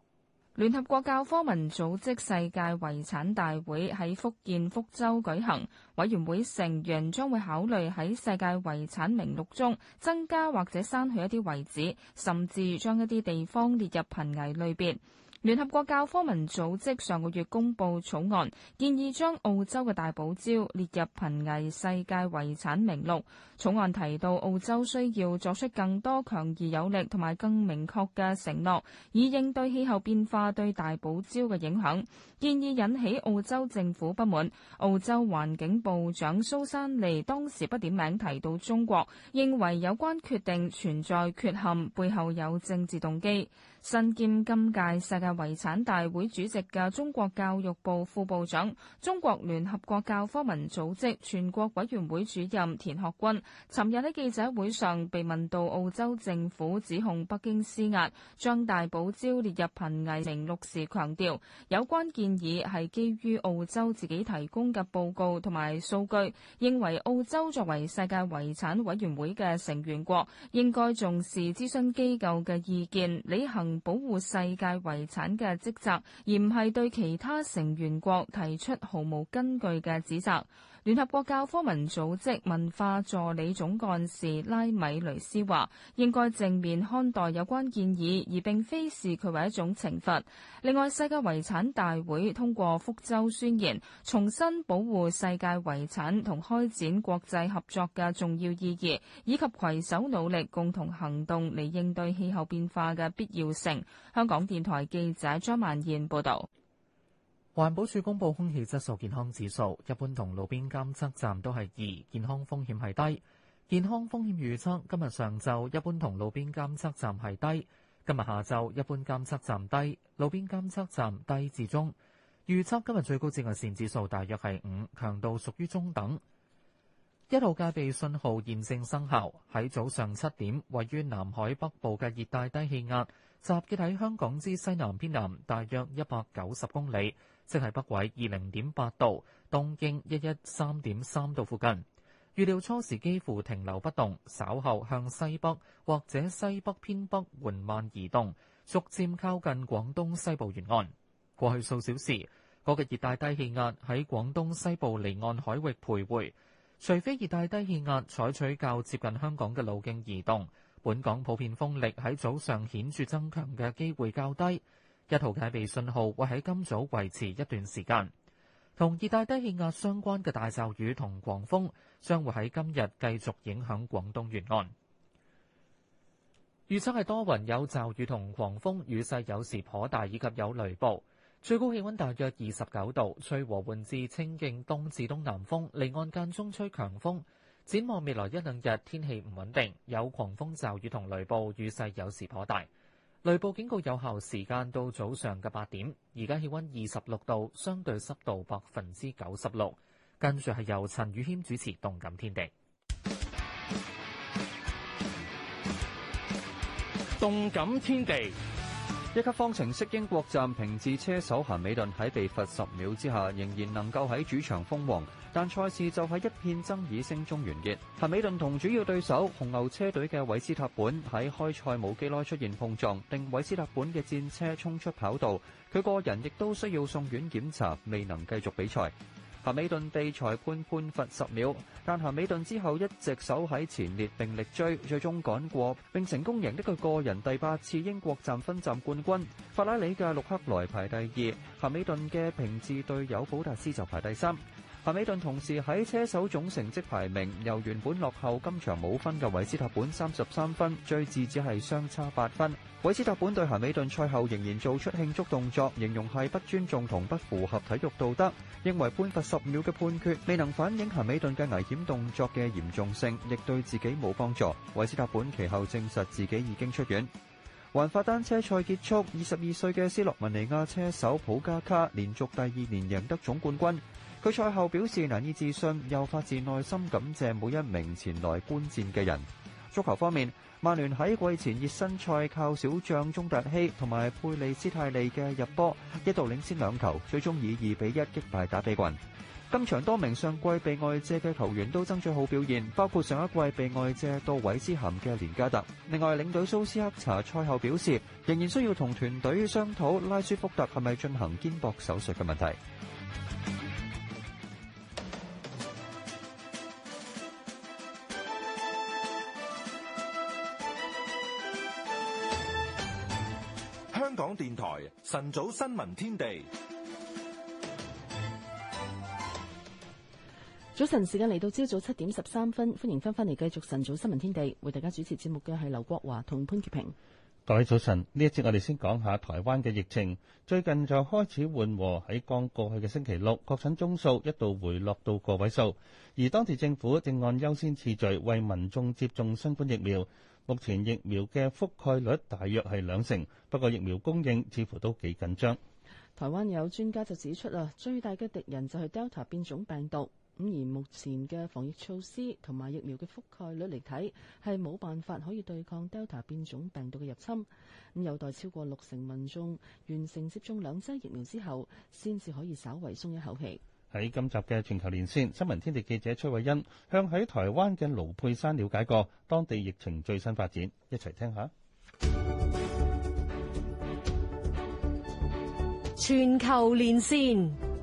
聯合國教科文組織世界遺產大會喺福建福州舉行，委員會成員將會考慮喺世界遺產名錄中增加或者刪去一啲遺址，甚至將一啲地方列入瀕危類別。聯合國教科文組織上個月公布草案，建議將澳洲嘅大堡礁列入瀕危世界遺產名錄。草案提到澳洲需要作出更多強而有力同埋更明確嘅承諾，以應對氣候變化對大堡礁嘅影響。建議引起澳洲政府不滿。澳洲環境部長蘇珊妮當時不點名提到中國，認為有關決定存在缺陷，背後有政治動機。身兼今屆世界遺產大會主席嘅中國教育部副部長、中國聯合國教科文組織全國委員會主任田學軍，尋日喺記者會上被問到澳洲政府指控北京施壓將大堡礁列入瀕危名錄時，強調有關建議係基於澳洲自己提供嘅報告同埋數據，認為澳洲作為世界遺產委員會嘅成員國，應該重視諮詢機構嘅意見，履行。保護世界遺產嘅職責，而唔係對其他成員國提出毫無根據嘅指責。聯合國教科文組織文化助理總幹事拉米雷斯話應該正面看待有關建議，而並非視佢為一種懲罰。另外，世界遺產大會通過福州宣言，重新保護世界遺產同開展國際合作嘅重要意義，以及攜手努力共同行動嚟應對氣候變化嘅必要性。香港電台記者張曼燕報道。環保署公布空氣質素健康指數，一般同路邊監測站都係二，健康風險係低。健康風險預測今日上晝一般同路邊監測站係低，今日下晝一般監測站低，路邊監測站低至中。預測今日最高紫外線指數大約係五，強度屬於中等。一號戒備信號現正生效，喺早上七點，位於南海北部嘅熱帶低氣壓集結喺香港之西南偏南大約一百九十公里。即係北緯二零點八度，東經一一三點三度附近。預料初時幾乎停留不動，稍後向西北或者西北偏北緩慢移動，逐漸靠近廣東西部沿岸。過去數小時，嗰個嘅熱帶低氣壓喺廣東西部離岸海域徘徊。除非熱帶低氣壓採取較接近香港嘅路徑移動，本港普遍風力喺早上顯著增強嘅機會較低。一號戒備信號會喺今早維持一段時間，同熱帶低氣壓相關嘅大驟雨同狂風將會喺今日繼續影響廣東沿岸。預測係多雲有驟雨同狂風，雨勢有時頗大，以及有雷暴。最高氣温大約二十九度，吹和緩至清勁東至東南風，離岸間中吹強風。展望未來一兩日天氣唔穩定，有狂風驟雨同雷暴，雨勢有時頗大。雷暴警告有效時間到早上嘅八點。而家氣溫二十六度，相對濕度百分之九十六。跟住係由陳宇謙主持《動感天地》。《動感天地》。一級方程式英國站平治車手咸美頓喺被罰十秒之下，仍然能夠喺主場封王，但賽事就喺一片爭議聲中完結。咸美頓同主要對手紅牛車隊嘅韋斯塔本喺開賽冇幾耐出現碰撞，令韋斯塔本嘅戰車衝出跑道，佢個人亦都需要送院檢查，未能繼續比賽。咸美頓被裁判判罰十秒，但咸美頓之後一直守喺前列，並力追，最終趕過，並成功贏得佢個人第八次英國站分站冠軍。法拉利嘅陸克萊排第二，咸美頓嘅平治隊友保達斯就排第三。咸美頓同時喺車手總成績排名由原本落後今場冇分嘅維斯塔本三十三分，最至只係相差八分。維斯塔本對咸美頓賽後仍然做出慶祝動作，形容係不尊重同不符合體育道德，認為判罰十秒嘅判決未能反映咸美頓嘅危險動作嘅嚴重性，亦對自己冇幫助。維斯塔本其後證實自己已經出院。環法單車賽結束，二十二歲嘅斯洛文尼亞車手普加卡連續第二年贏得總冠軍。佢賽後表示難以置信，又發自內心感謝每一名前來觀戰嘅人。足球方面，曼聯喺季前熱身賽靠小將鍾達希同埋佩利斯泰利嘅入波，一度領先兩球，最終以二比一擊敗打比郡。今場多名上季被外借嘅球員都爭取好表現，包括上一季被外借到韋斯咸嘅連加特。另外，領隊蘇斯克查賽後表示，仍然需要同團隊商討拉舒福特係咪進行肩膊手術嘅問題。晨早新聞天地，早晨時間嚟到朝早七點十三分，歡迎翻返嚟繼續晨早新聞天地，為大家主持節目嘅係劉國華同潘潔平。各位早晨，呢一節我哋先講下台灣嘅疫情，最近就開始緩和，喺剛過去嘅星期六，確診宗數一度回落到個位數，而當地政府正按優先次序為民眾接種新冠疫苗。目前疫苗嘅覆蓋率大約係兩成，不過疫苗供應似乎都幾緊張。台灣有專家就指出啦，最大嘅敵人就係 Delta 變種病毒咁，而目前嘅防疫措施同埋疫苗嘅覆蓋率嚟睇，係冇辦法可以對抗 Delta 變種病毒嘅入侵咁，有待超過六成民眾完成接種兩劑疫苗之後先至可以稍微鬆一口氣。喺今集嘅全球連線，新聞天地記者崔慧恩向喺台灣嘅盧佩山了解過當地疫情最新發展，一齊聽下。全球連線。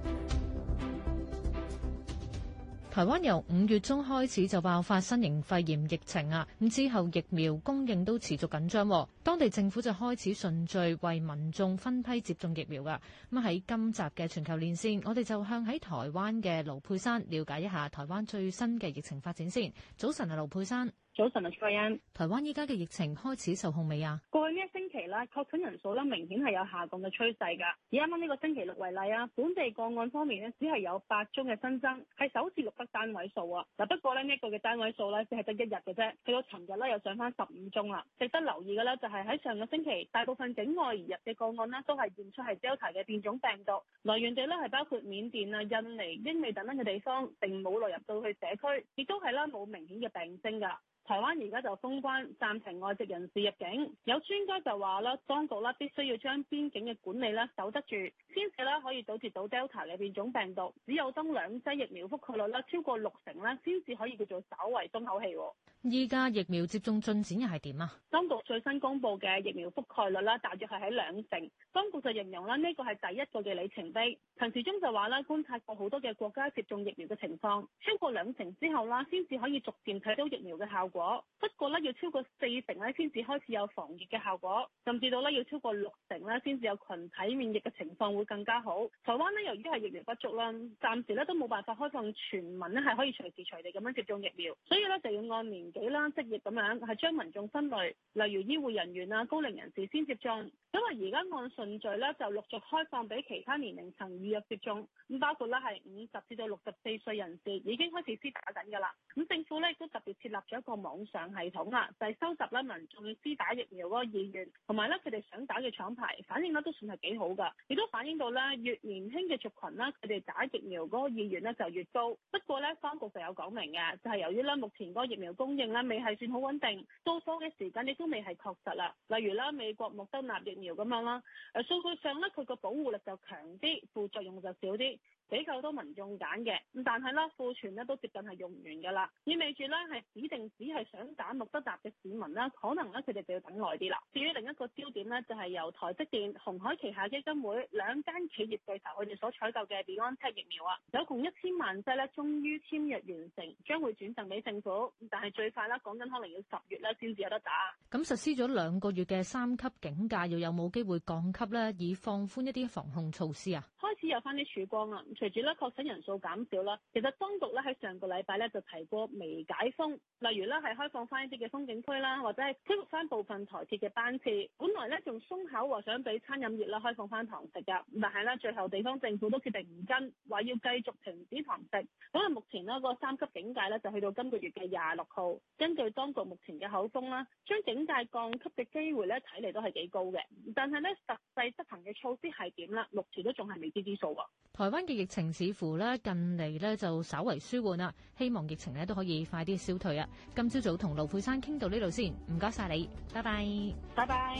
台灣由五月中開始就爆發新型肺炎疫情啊，咁之後疫苗供應都持續緊張，當地政府就開始順序為民眾分批接種疫苗噶。咁喺今集嘅全球連線，我哋就向喺台灣嘅盧佩山了解一下台灣最新嘅疫情發展先。早晨啊，盧佩山。早晨啊，蔡欣，台灣依家嘅疫情開始受控未啊？過去呢一星期咧，確診人數咧明顯係有下降嘅趨勢噶。以啱啱呢個星期六為例啊，本地個案方面呢，只係有八宗嘅新增，係首次錄得單位數啊。嗱，不過呢一個嘅單位數呢，只係得一日嘅啫，去到尋日呢，又上翻十五宗啦。值得留意嘅呢，就係喺上個星期，大部分境外而入嘅個案呢，都係驗出係 Delta 嘅變種病毒，來源地呢，係包括緬甸啊、印尼、英美等等嘅地方，並冇流入到去社區，亦都係啦冇明顯嘅病徵噶。台灣而家就封關，暫停外籍人士入境。有專家就話啦，當局必須要將邊境嘅管理咧守得住，先至咧可以阻截到 Delta 變種病毒。只有當兩劑疫苗覆蓋率咧超過六成咧，先至可以叫做稍微鬆口氣。依家疫苗接種進展又係點啊？當局最新公布嘅疫苗覆蓋率大約係喺兩成。當局就形容啦，呢個係第一個嘅里程碑。陳時中就話觀察過好多嘅國家接種疫苗嘅情況，超過兩成之後啦，先至可以逐漸睇到疫苗嘅效果。不過咧，要超過四成咧，先至開始有防疫嘅效果；甚至到咧，要超過六成咧，先至有群體免疫嘅情況會更加好。台灣咧，由於係疫苗不足啦，暫時咧都冇辦法開放全民咧，係可以隨時隨地咁樣接種疫苗。所以咧，就要按年紀啦、職業咁樣，係將民眾分類，例如醫護人員啊、高齡人士先接種。因為而家按順序咧，就陸續開放俾其他年齡層預約接種。咁包括咧，係五十至到六十四歲人士已經開始施打緊㗎啦。咁政府咧亦都特別設立咗一個網上系統啦，就係收集咧民眾施打疫苗嗰個意願，同埋咧佢哋想打嘅廠牌，反應咧都算係幾好噶，亦都反映到咧越年輕嘅族群啦，佢哋打疫苗嗰個意願咧就越高。不過咧，方局就有講明嘅，就係由於咧目前嗰個疫苗供應咧未係算好穩定，到貨嘅時間亦都未係確實啦。例如啦，美國莫德納疫苗咁樣啦，誒數據上咧佢個保護力就強啲，副作用就少啲。比較多民眾揀嘅，咁但係咧庫存咧都接近係用唔完㗎啦，意味住咧係指定只係想打莫德納嘅市民啦，可能咧佢哋就要等耐啲啦。至於另一個焦點咧，就係、是、由台積電、鴻海旗下基金會兩間企業對頭，佢哋所採購嘅 BioNTech 疫苗啊，有共一千萬劑咧，終於簽約完成，將會轉贈俾政府，但係最快啦，講緊可能要十月咧先至有得打。咁實施咗兩個月嘅三級警戒，又有冇機會降級咧，以放寬一啲防控措施啊？開始有翻啲曙光啦。隨住咧確診人數減少啦，其實當局咧喺上個禮拜咧就提過微解封，例如咧係開放翻一啲嘅風景區啦，或者係恢復翻部分台鐵嘅班次。本來咧仲鬆口話想俾餐飲業啦開放翻堂食㗎，但係咧最後地方政府都決定唔跟，話要繼續停止堂食。咁啊，目前呢嗰個三級警戒咧就去到今個月嘅廿六號。根據當局目前嘅口風啦，將警戒降級嘅機會咧睇嚟都係幾高嘅。但係咧實際執行嘅措施係點啦？目前都仲係未知之數啊。台灣嘅疫情似乎咧近嚟咧就稍為舒緩啦，希望疫情咧都可以快啲消退啊！今朝早同盧佩珊傾到呢度先，唔該晒你，拜拜，拜拜。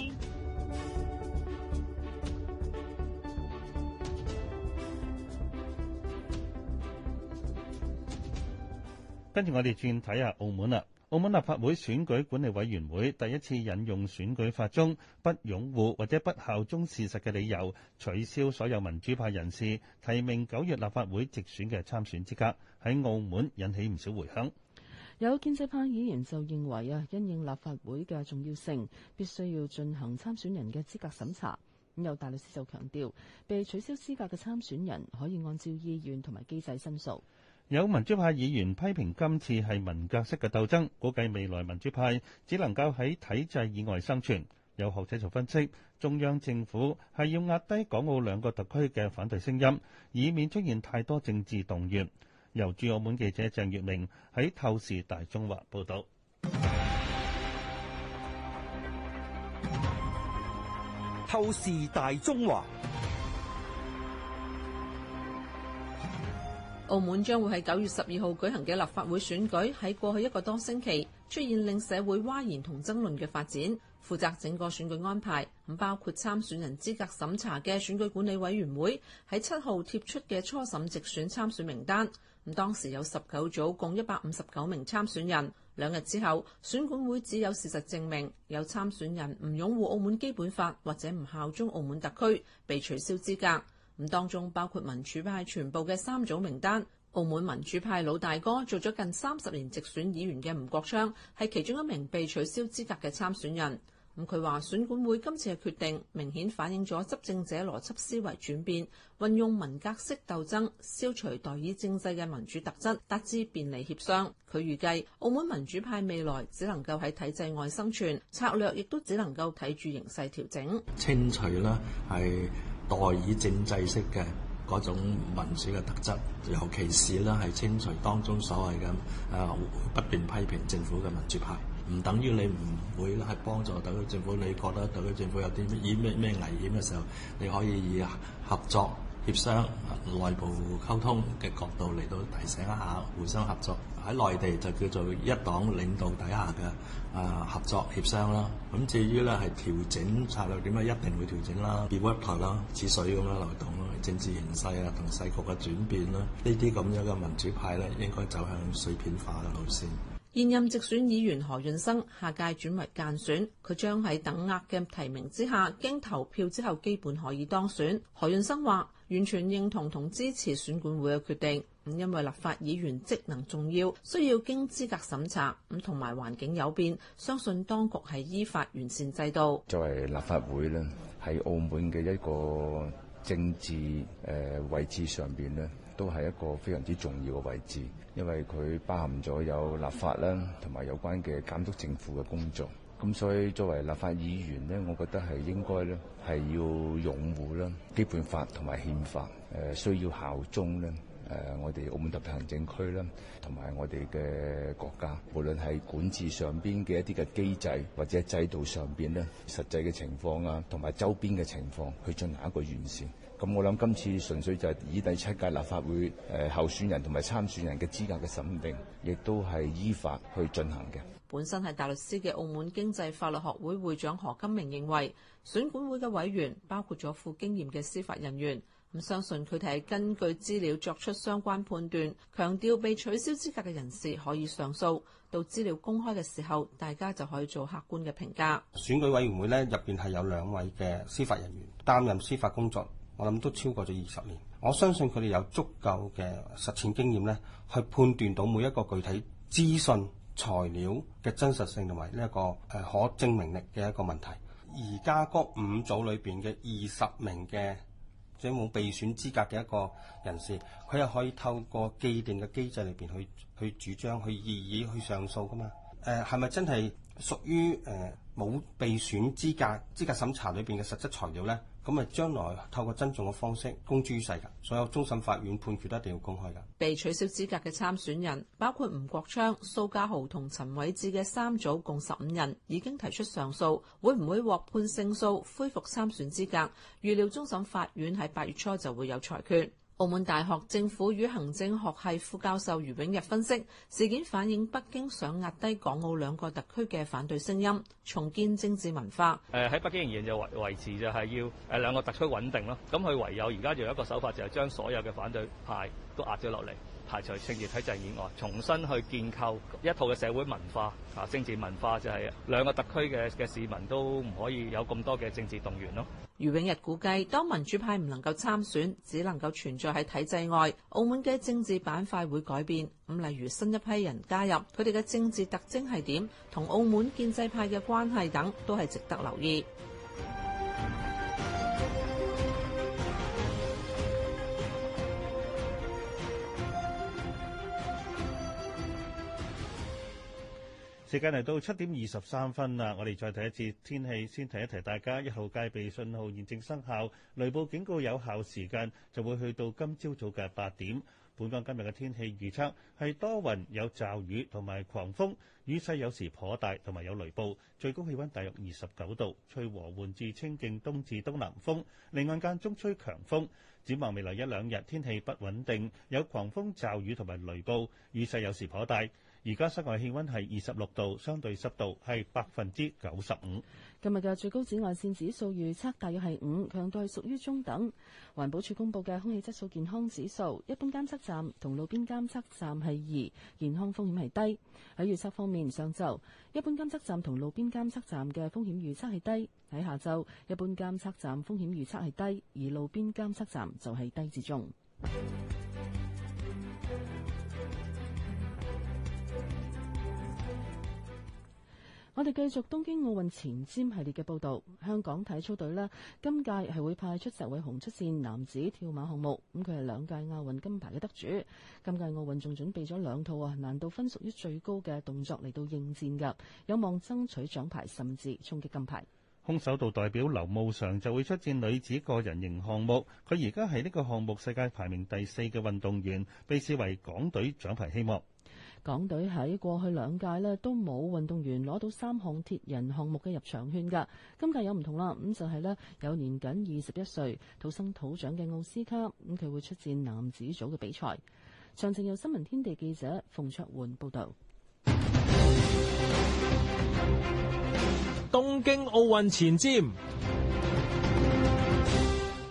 跟住我哋轉睇下澳門啦。澳門立法會選舉管理委員會第一次引用選舉法中不擁護或者不效忠事實嘅理由，取消所有民主派人士提名九月立法會直選嘅參選資格，喺澳門引起唔少回響。有建制派議員就認為啊，因應立法會嘅重要性，必須要進行參選人嘅資格審查。咁有大律師就強調，被取消資格嘅參選人可以按照意願同埋機制申訴。有民主派議員批評今次係文革式嘅鬥爭，估計未來民主派只能夠喺體制以外生存。有學者就分析，中央政府係要壓低港澳兩個特區嘅反對聲音，以免出現太多政治動員。由駐澳門記者鄭月明喺《透視大中華》報道，《透視大中華》。澳門將會喺九月十二號舉行嘅立法會選舉，喺過去一個多星期出現令社會譁然同爭論嘅發展。負責整個選舉安排，咁包括參選人資格審查嘅選舉管理委員會喺七號貼出嘅初審直選參選名單，咁當時有十九組共一百五十九名參選人。兩日之後，選管會只有事實證明有參選人唔擁護澳門基本法或者唔效忠澳門特區，被取消資格。當中包括民主派全部嘅三組名單，澳門民主派老大哥做咗近三十年直選議員嘅吳國昌係其中一名被取消資格嘅參選人。咁佢話選管會今次嘅決定明顯反映咗執政者邏輯思維轉變，運用文革式鬥爭消除代議政制嘅民主特質，達至便利協商。佢預計澳門民主派未來只能夠喺體制外生存，策略亦都只能夠睇住形勢調整。清除啦，係。代以政制式嘅嗰種民主嘅特質，尤其是咧係清除當中所謂嘅誒不斷批評政府嘅民主派，唔等於你唔會係幫助特區政府，你覺得特區政府有啲咩以咩咩危險嘅時候，你可以以合作協商、內部溝通嘅角度嚟到提醒一下，互相合作。喺內地就叫做一黨領導底下嘅啊合作協商啦。咁至於咧係調整策略點解，一定會調整啦，要屈頭啦，似水咁樣流動咯。政治形勢啊，同世局嘅轉變啦，呢啲咁樣嘅民主派咧，應該走向碎片化嘅路線。現任直選議員何潤生下屆轉為間選，佢將喺等額嘅提名之下，經投票之後基本可以當選。何潤生話：完全認同同支持選管會嘅決定。咁因為立法議員職能重要，需要經資格審查咁，同埋環境有變，相信當局係依法完善制度。作為立法會咧，喺澳門嘅一個政治誒位置上邊咧，都係一個非常之重要嘅位置，因為佢包含咗有立法啦，同埋有關嘅監督政府嘅工作。咁所以作為立法議員咧，我覺得係應該咧係要擁護啦《基本法》同埋《憲法》，誒需要效忠咧。誒，我哋澳門特別行政區啦，同埋我哋嘅國家，無論係管治上邊嘅一啲嘅機制，或者制度上邊咧，實際嘅情況啊，同埋周邊嘅情況去進行一個完善。咁我諗今次純粹就係以第七屆立法會誒、呃、候選人同埋參選人嘅資格嘅審定，亦都係依法去進行嘅。本身係大律師嘅澳門經濟法律學會會長何金明認為，選管會嘅委員包括咗富經驗嘅司法人員。咁相信佢哋係根據資料作出相關判斷，強調被取消資格嘅人士可以上訴，到資料公開嘅時候，大家就可以做客觀嘅評價。選舉委員會咧入邊，係有兩位嘅司法人員擔任司法工作，我諗都超過咗二十年。我相信佢哋有足夠嘅實踐經驗咧，去判斷到每一個具體資訊材料嘅真實性同埋呢一個誒可證明力嘅一個問題。而家嗰五組裏邊嘅二十名嘅。即係冇被選資格嘅一個人士，佢又可以透過既定嘅機制裏面去去主張、去異議、去上訴噶嘛？誒係咪真係屬於誒冇被選資格、資格審查裏面嘅實質材料呢？咁啊，將來透過珍重嘅方式公諸於世㗎，所有終審法院判決一定要公開㗎。被取消資格嘅參選人，包括吳國昌、蘇嘉豪同陳偉志嘅三組共十五人，已經提出上訴，會唔會獲判勝訴，恢復參選資格？預料終審法院喺八月初就會有裁決。澳門大學政府與行政學系副教授余永逸分析，事件反映北京想壓低港澳兩個特區嘅反對聲音，重建政治文化。誒，喺北京仍然就維維持就係要誒兩個特區穩定咯，咁佢唯有而家有一個手法就係將所有嘅反對派都壓咗落嚟。排除政治體制以外，重新去建構一套嘅社會文化啊，政治文化就係、是、兩個特區嘅嘅市民都唔可以有咁多嘅政治動員咯。余永逸估計，當民主派唔能夠參選，只能夠存在喺體制外，澳門嘅政治板塊會改變。咁例如新一批人加入，佢哋嘅政治特徵係點，同澳門建制派嘅關係等，都係值得留意。時間嚟到七點二十三分啦，我哋再睇一次天氣，先提一提大家一號戒備信號現正生效，雷暴警告有效時間就會去到今朝早嘅八點。本港今日嘅天氣預測係多雲有驟雨同埋狂風，雨勢有時頗大，同埋有雷暴，最高氣温大約二十九度，吹和緩至清勁東至東南風，離岸間中吹強風。展望未來一兩日天氣不穩定，有狂風驟雨同埋雷暴，雨勢有時頗大。而家室外氣溫係二十六度，相對濕度係百分之九十五。今日嘅最高紫外線指數預測大約係五，強度係屬於中等。環保署公布嘅空氣質素健康指數，一般監測站同路邊監測站係二，健康風險係低。喺預測方面，上晝一般監測站同路邊監測站嘅風險預測係低；喺下晝，一般監測站風險預測係低，而路邊監測站就係低至中。我哋繼續東京奧運前瞻系列嘅報道。香港體操隊呢，今屆係會派出石偉雄出戰男子跳馬項目，咁佢係兩屆亞運金牌嘅得主。今屆奧運仲準備咗兩套啊難度分屬於最高嘅動作嚟到應戰噶，有望爭取獎牌，甚至衝擊金牌。空手道代表劉慕常就會出戰女子個人型項目，佢而家係呢個項目世界排名第四嘅運動員，被視為港隊獎牌希望。港隊喺過去兩屆咧都冇運動員攞到三項鐵人項目嘅入場券噶，今屆有唔同啦，咁就係呢，有年僅二十一歲土生土長嘅奧斯卡，咁佢會出戰男子組嘅比賽。詳情由新聞天地記者馮卓煥報道。東京奧運前瞻。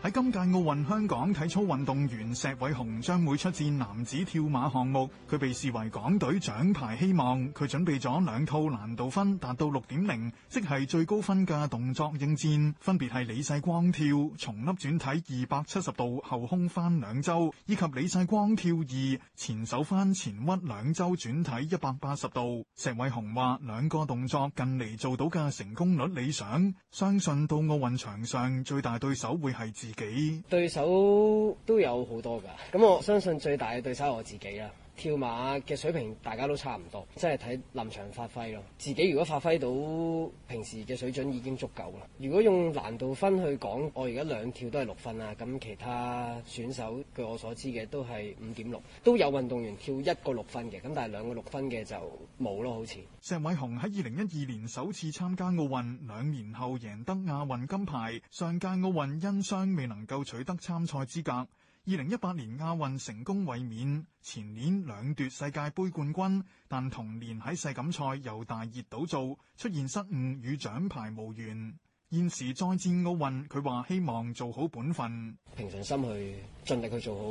喺今屆奧運，香港體操運動員石偉雄將會出戰男子跳馬項目，佢被視為港隊獎牌希望。佢準備咗兩套難度分達到六點零，即係最高分嘅動作應戰，分別係李世光跳重粒轉體二百七十度後空翻兩周，以及李世光跳二前手翻前屈兩周轉體一百八十度。石偉雄話：兩個動作近嚟做到嘅成功率理想，相信到奧運場上最大對手會係自。自己對手都有好多噶，咁我相信最大嘅對手係我自己啦。跳馬嘅水平大家都差唔多，真係睇臨場發揮咯。自己如果發揮到平時嘅水準已經足夠啦。如果用難度分去講，我而家兩跳都係六分呀。咁其他選手據我所知嘅都係五點六，都有運動員跳一個六分嘅，咁但係兩個六分嘅就冇咯，好似。石偉雄喺二零一二年首次參加奧運，兩年後贏得亞運金牌。上屆奧運因傷未能夠取得參賽資格。二零一八年亞運成功衛冕，前年兩奪世界杯冠軍，但同年喺世錦賽又大熱倒灶，出現失誤與獎牌無緣。現時再戰奧運，佢話希望做好本分，平常心去盡力去做好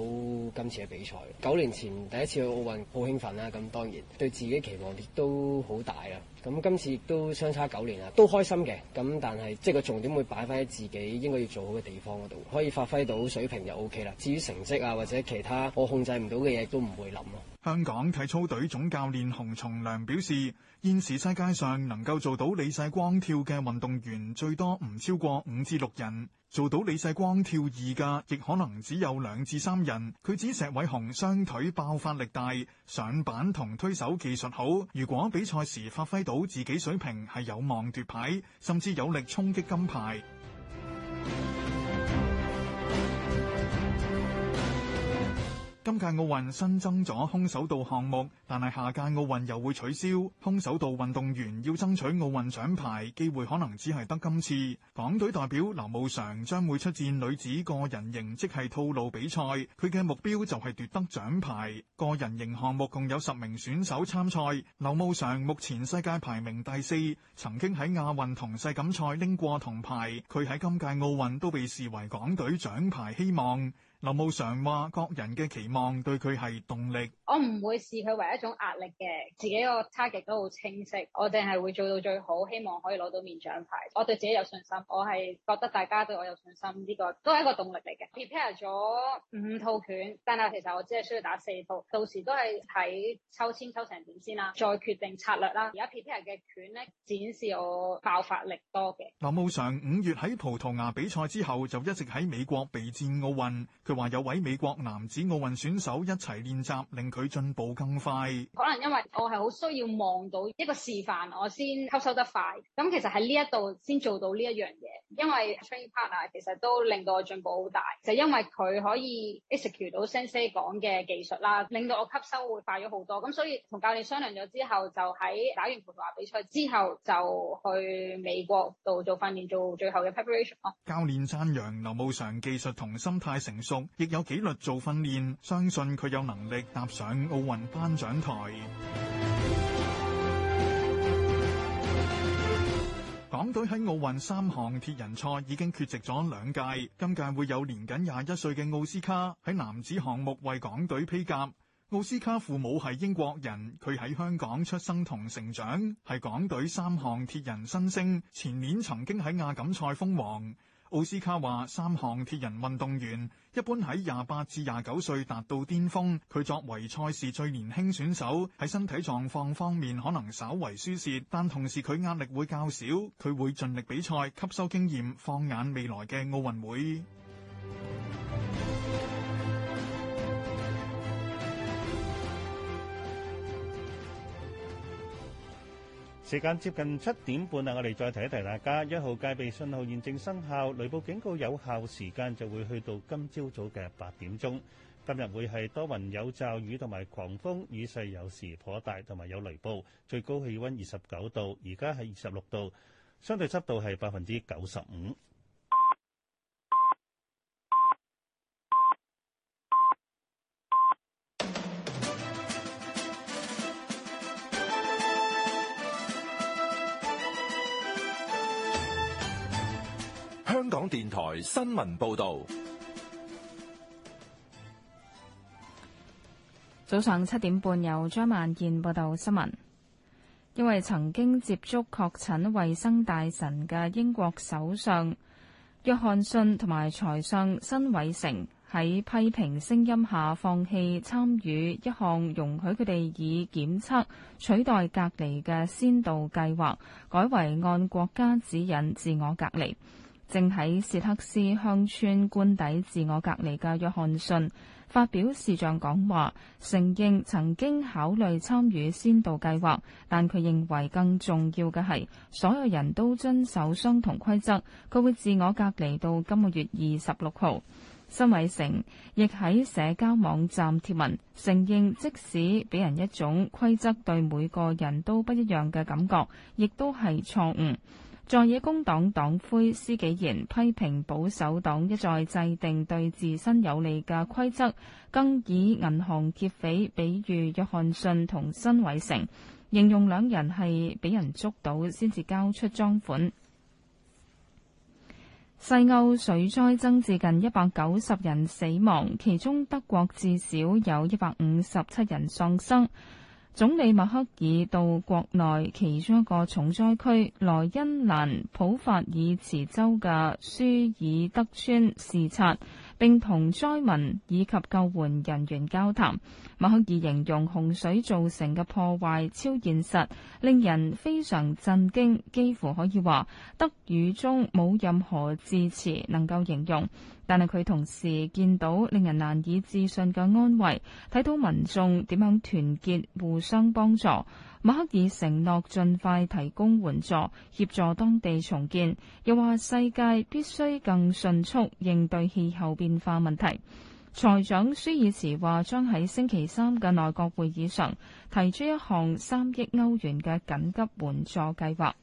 今次嘅比賽。九年前第一次去奧運，好興奮啦，咁當然對自己期望亦都好大啦。咁今次亦都相差九年啦，都開心嘅。咁但係即係個重點會擺翻喺自己應該要做好嘅地方嗰度，可以發揮到水平就 OK 啦。至於成績啊或者其他我控制唔到嘅嘢，都唔會諗咯。香港體操隊總教練洪松良表示。現時世界上能夠做到李世光跳嘅運動員最多唔超過五至六人，做到李世光跳二架，亦可能只有兩至三人。佢指石偉雄雙腿爆發力大，上板同推手技術好，如果比賽時發揮到自己水平，係有望奪牌，甚至有力衝擊金牌。今屆奧運新增咗空手道項目，但係下屆奧運又會取消。空手道運動員要爭取奧運獎牌，機會可能只係得今次。港隊代表劉慕裳將會出戰女子個人形，即係套路比賽，佢嘅目標就係奪得獎牌。個人形項目共有十名選手參賽，劉慕裳目前世界排名第四，曾經喺亞運同世錦賽拎過銅牌，佢喺今屆奧運都被視為港隊獎牌希望。林慕常話，各人嘅期望對佢係動力。我唔會視佢為一種壓力嘅，自己個 target 都好清晰。我淨係會做到最好，希望可以攞到面獎牌。我對自己有信心，我係覺得大家對我有信心，呢個都係一個動力嚟嘅。Prepare 咗五套拳，但係其實我只係需要打四套，到時都係睇抽簽抽成點先啦，再決定策略啦。而家 Prepare 嘅拳咧，展示我爆發力多嘅。林慕常五月喺葡萄牙比賽之後，就一直喺美國備戰奧運。佢話有位美國男子奧運選手一齊練習令佢進步更快。可能因為我係好需要望到一個示範，我先吸收得快。咁其實喺呢一度先做到呢一樣嘢，因為 training partner 其實都令到我進步好大，就因為佢可以 execute 到 sensei 講嘅技術啦，令到我吸收會快咗好多。咁所以同教練商量咗之後就喺打完葡萄牙比賽之後就去美國度做訓練做最後嘅 preparation。咯，教練讚揚劉慕常技術同心態成熟。亦有紀律做訓練，相信佢有能力踏上奧運頒獎台。 港隊喺奧運三項鐵人賽已經缺席咗兩屆，今屆會有年僅廿一歲嘅奧斯卡喺男子項目為港隊披甲。奧斯卡父母係英國人，佢喺香港出生同成長，係港隊三項鐵人新星，前年曾經喺亞錦賽封王。奧斯卡話，三項鐵人運動員一般喺廿八至廿九歲達到巔峰。佢作為賽事最年輕選手，喺身體狀況方面可能稍為輸蝕，但同時佢壓力會較少。佢會盡力比賽，吸收經驗，放眼未來嘅奧運會。時間接近七點半啦，我哋再提一提大家。一號戒備信號現正生效，雷暴警告有效時間就會去到今朝早嘅八點鐘。今日會係多雲有驟雨同埋狂風，雨勢有時頗大，同埋有雷暴。最高氣溫二十九度，而家係二十六度，相對濕度係百分之九十五。香港電台新聞報道，早上七點半由張萬健報道新聞。因為曾經接觸確診衛生大臣嘅英國首相約翰遜同埋財相辛偉誠喺批評聲音下放棄參與一項容許佢哋以檢測取代隔離嘅先導計劃，改為按國家指引自我隔離。正喺薛克斯鄉村官邸自我隔離嘅約翰遜發表視像講話，承認曾經考慮參與先導計劃，但佢認為更重要嘅係所有人都遵守相同規則。佢會自我隔離到今個月二十六號。辛偉誠亦喺社交網站貼文承認，即使俾人一種規則對每個人都不一樣嘅感覺，亦都係錯誤。在野工黨黨魁施紀賢批評保守黨一再制定對自身有利嘅規則，更以銀行劫匪比喻約翰遜同辛偉誠，形容兩人係俾人捉到先至交出贓款。西歐水災增至近一百九十人死亡，其中德國至少有一百五十七人喪生。總理默克爾到國內其中一個重災區萊茵蘭普法爾茨州嘅舒爾德村視察，並同災民以及救援人員交談。馬克爾形容洪水造成嘅破壞超現實，令人非常震驚，幾乎可以話德語中冇任何字詞能夠形容。但係佢同時見到令人難以置信嘅安慰，睇到民眾點樣團結互相幫助。馬克爾承諾盡快提供援助，協助當地重建。又話世界必須更迅速應對氣候變化問題。財長舒爾茨話將喺星期三嘅內閣會議上提出一項三億歐元嘅緊急援助計劃。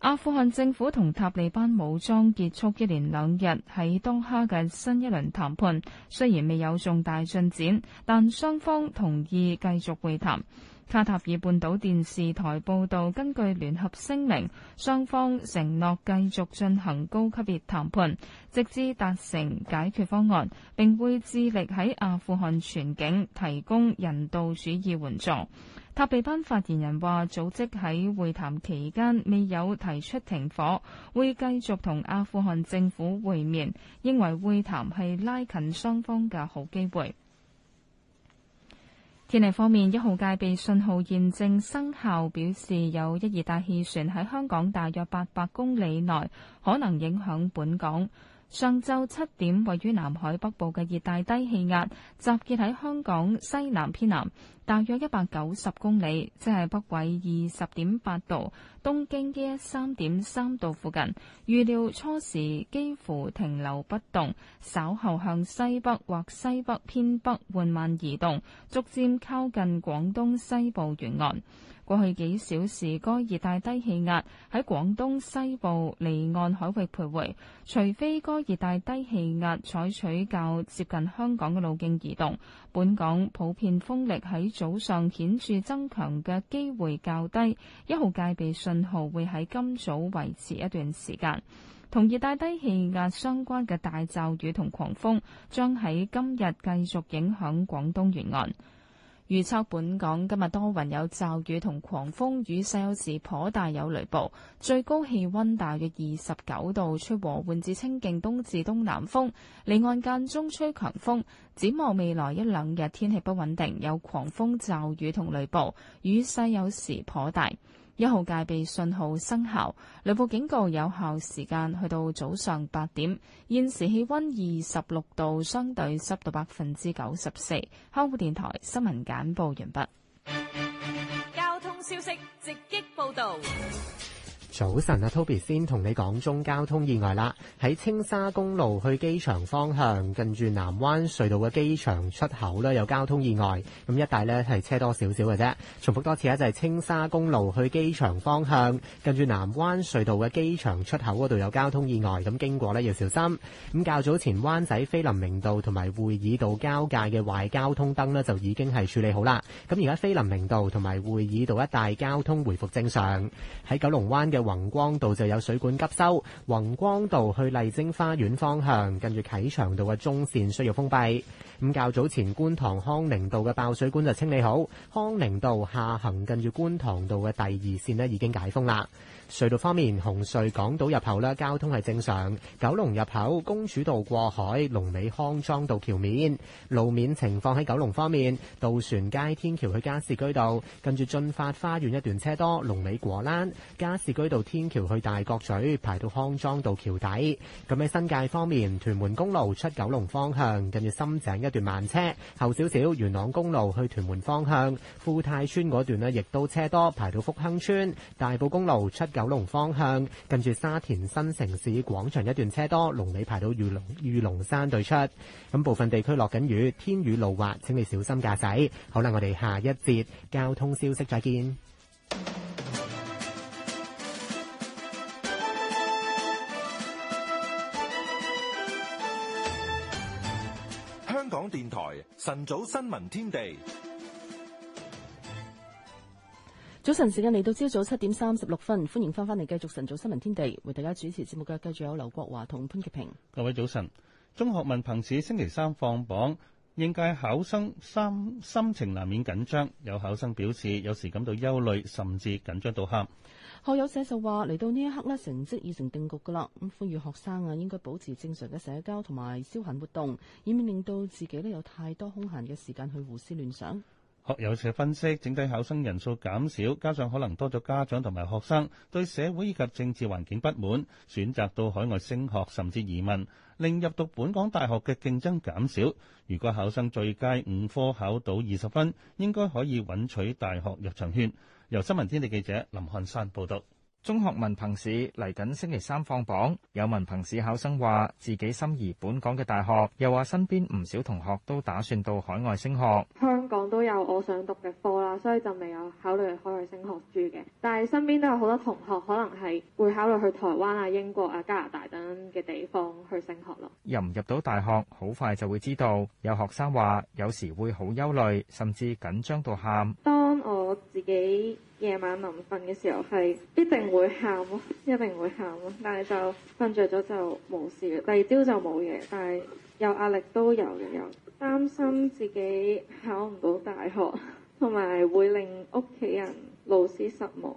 阿富汗政府同塔利班武裝結束一連兩日喺多哈嘅新一輪談判，雖然未有重大進展，但雙方同意繼續會談。卡塔爾半島電視台報道，根據聯合聲明，雙方承諾繼續進行高級別談判，直至達成解決方案，並會致力喺阿富汗全境提供人道主義援助。塔利班發言人話：組織喺會談期間未有提出停火，會繼續同阿富汗政府會面，認為會談係拉近雙方嘅好機會。天氣方面，一號戒備信號現正生效，表示有一熱帶氣旋喺香港大約八百公里內，可能影響本港。上晝七點，位於南海北部嘅熱帶低氣壓集結喺香港西南偏南，大約一百九十公里，即係北緯二十點八度，東經一一三點三度附近。預料初時幾乎停留不動，稍後向西北或西北偏北緩慢移動，逐漸靠近廣東西部沿岸。過去幾小時，該熱帶低氣壓喺廣東西部離岸海域徘徊。除非該熱帶低氣壓採取較接近香港嘅路徑移動，本港普遍風力喺早上顯著增強嘅機會較低。一號戒備信號會喺今早維持一段時間。同熱帶低氣壓相關嘅大驟雨同狂風將喺今日繼續影響廣東沿岸。預測本港今日多雲有驟雨同狂風，雨勢有時頗大有雷暴，最高氣溫大約二十九度，吹和緩至清勁，東至東南風，離岸間中吹強風。展望未來一兩日天氣不穩定，有狂風驟雨同雷暴，雨勢有時頗大。一號戒備信號生效，雷暴警告有效時間去到早上八點。現時氣溫二十六度，相對濕度百分之九十四。香港電台新聞簡報完畢。交通消息直擊報道。早晨啊，Toby 先同你講中交通意外啦。喺青沙公路去機場方向，近住南灣隧道嘅機場出口咧，有交通意外。咁一帶咧係車多少少嘅啫。重複多次啊，就係青沙公路去機場方向，近住南灣隧道嘅機場出口嗰度有交通意外。咁經過咧要小心。咁較早前灣仔菲林明道同埋會議道交界嘅壞交通燈咧，就已經係處理好啦。咁而家菲林明道同埋會議道一帶交通回復正常。喺九龍灣嘅。宏光道就有水管急修，宏光道去麗晶花園方向，近住啟祥道嘅中線需要封閉。咁較早前觀塘康寧道嘅爆水管就清理好，康寧道下行近住觀塘道嘅第二線呢已經解封啦。隧道方面，紅隧港島入口啦，交通係正常。九龍入口，公主道過海，龍尾康莊道橋面路面情況。喺九龍方面，渡船街天橋去加士居道，跟住進發花園一段車多，龍尾果欄，加士居道天橋去大角咀排到康莊道橋底。咁喺新界方面，屯門公路出九龍方向，跟住深井一段慢車，後少少。元朗公路去屯門方向，富泰村嗰段咧亦都車多，排到福亨村。大埔公路出九九龍方向近住沙田新城市廣場一段車多，龍尾排到御龍御龍山對出。咁部分地區落緊雨，天雨路滑，請你小心駕駛。好啦，我哋下一節交通消息再見。香港電台晨早新聞天地。早晨時間嚟到，朝早七點三十六分，歡迎翻翻嚟繼續晨早新聞天地，為大家主持節目嘅繼續有劉國華同潘潔平。各位早晨，中學文憑試星期三放榜，應屆考生心心情難免緊張，有考生表示有時感到憂慮，甚至緊張到喊。學友社就話嚟到呢一刻呢成績已成定局噶啦。咁，呼籲學生啊，應該保持正常嘅社交同埋消閒活動，以免令到自己呢有太多空閒嘅時間去胡思亂想。學友社分析，整體考生人數減少，加上可能多咗家長同埋學生對社會以及政治環境不滿，選擇到海外升學甚至移民，令入讀本港大學嘅競爭減少。如果考生最佳五科考到二十分，應該可以穩取大學入場券。由新聞天地記者林漢山報道。中學文憑試嚟緊星期三放榜，有文憑試考生話自己心儀本港嘅大學，又話身邊唔少同學都打算到海外升學。香港都有我想讀嘅科啦，所以就未有考慮去海外升學住嘅。但係身邊都有好多同學可能係會考慮去台灣啊、英國啊、加拿大等嘅地方去升學咯。入唔入到大學，好快就會知道。有學生話，有時會好憂慮，甚至緊張到喊。我自己夜晚臨瞓嘅時候係必定會喊咯，一定會喊咯，但係就瞓着咗就冇事，第二朝就冇嘢。但係有壓力都有嘅，有擔心自己考唔到大學，同埋會令屋企人老師失望。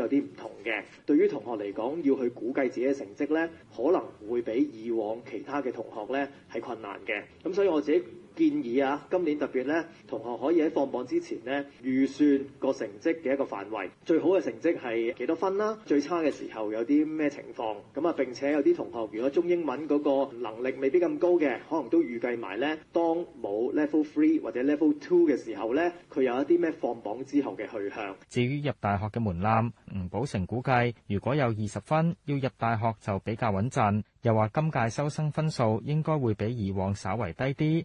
有啲唔同嘅。對於同學嚟講，要去估計自己嘅成績咧，可能會比以往其他嘅同學咧係困難嘅。咁所以我自己。建議啊，今年特別咧，同學可以喺放榜之前咧預算個成績嘅一個範圍，最好嘅成績係幾多分啦，啊？最差嘅時候有啲咩情況咁啊？並且有啲同學如果中英文嗰個能力未必咁高嘅，可能都預計埋咧，當冇 level three 或者 level two 嘅時候咧，佢有一啲咩放榜之後嘅去向。至於入大學嘅門檻，吳寶成估計如果有二十分要入大學就比較穩陣。又話今屆收生分數應該會比以往稍微低啲。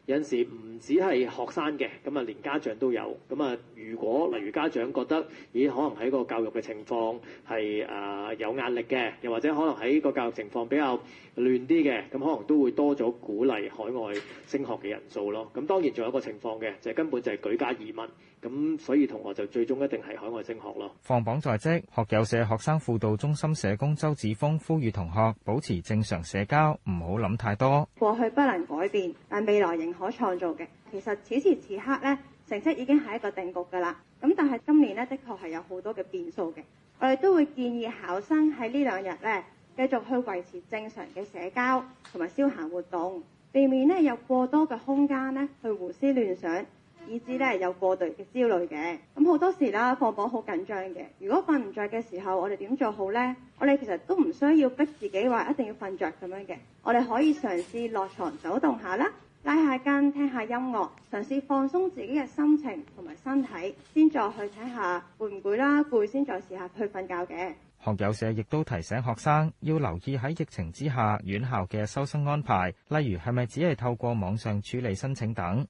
有陣時唔止係學生嘅，咁啊連家長都有。咁啊，如果例如家長覺得，咦可能喺個教育嘅情況係啊、呃、有壓力嘅，又或者可能喺個教育情況比較亂啲嘅，咁可能都會多咗鼓勵海外升學嘅人數咯。咁當然仲有一個情況嘅，就係、係、根本就係舉家移民。咁，所以同學就最終一定係海外升學咯。放榜在即，學友社學生輔導中心社工周子峰呼籲同學保持正常社交，唔好諗太多。過去不能改變，但未來仍可創造嘅。其實此時此刻咧，成績已經係一個定局㗎啦。咁但係今年咧，的確係有好多嘅變數嘅。我哋都會建議考生喺呢兩日咧，繼續去維持正常嘅社交同埋消閒活動，避免呢有過多嘅空間咧去胡思亂想。以至咧有過度嘅焦慮嘅，咁好多時啦，放榜好緊張嘅。如果瞓唔着嘅時候，我哋點做好呢？我哋其實都唔需要逼自己話一定要瞓着咁樣嘅。我哋可以嘗試落床走動下啦，拉下筋，聽下音樂，嘗試放鬆自己嘅心情同埋身體，先再去睇下攰唔攰啦，攰先再試下去瞓覺嘅。學友社亦都提醒學生要留意喺疫情之下院校嘅收生安排，例如係咪只係透過網上處理申請等。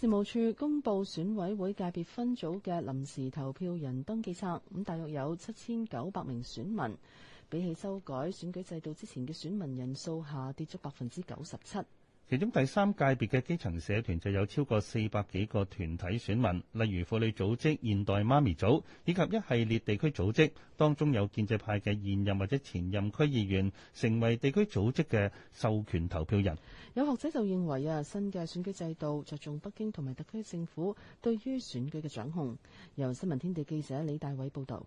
事務處公布選委會界別分組嘅臨時投票人登記冊，咁大約有七千九百名選民，比起修改選舉制度之前嘅選民人數下跌咗百分之九十七。其中第三界別嘅基層社團就有超過四百幾個團體選民，例如婦女組織、現代媽咪組，以及一系列地區組織，當中有建制派嘅現任或者前任區議員成為地區組織嘅授權投票人。有學者就認為啊，新嘅選舉制度着重北京同埋特區政府對於選舉嘅掌控。由新聞天地記者李大偉報導。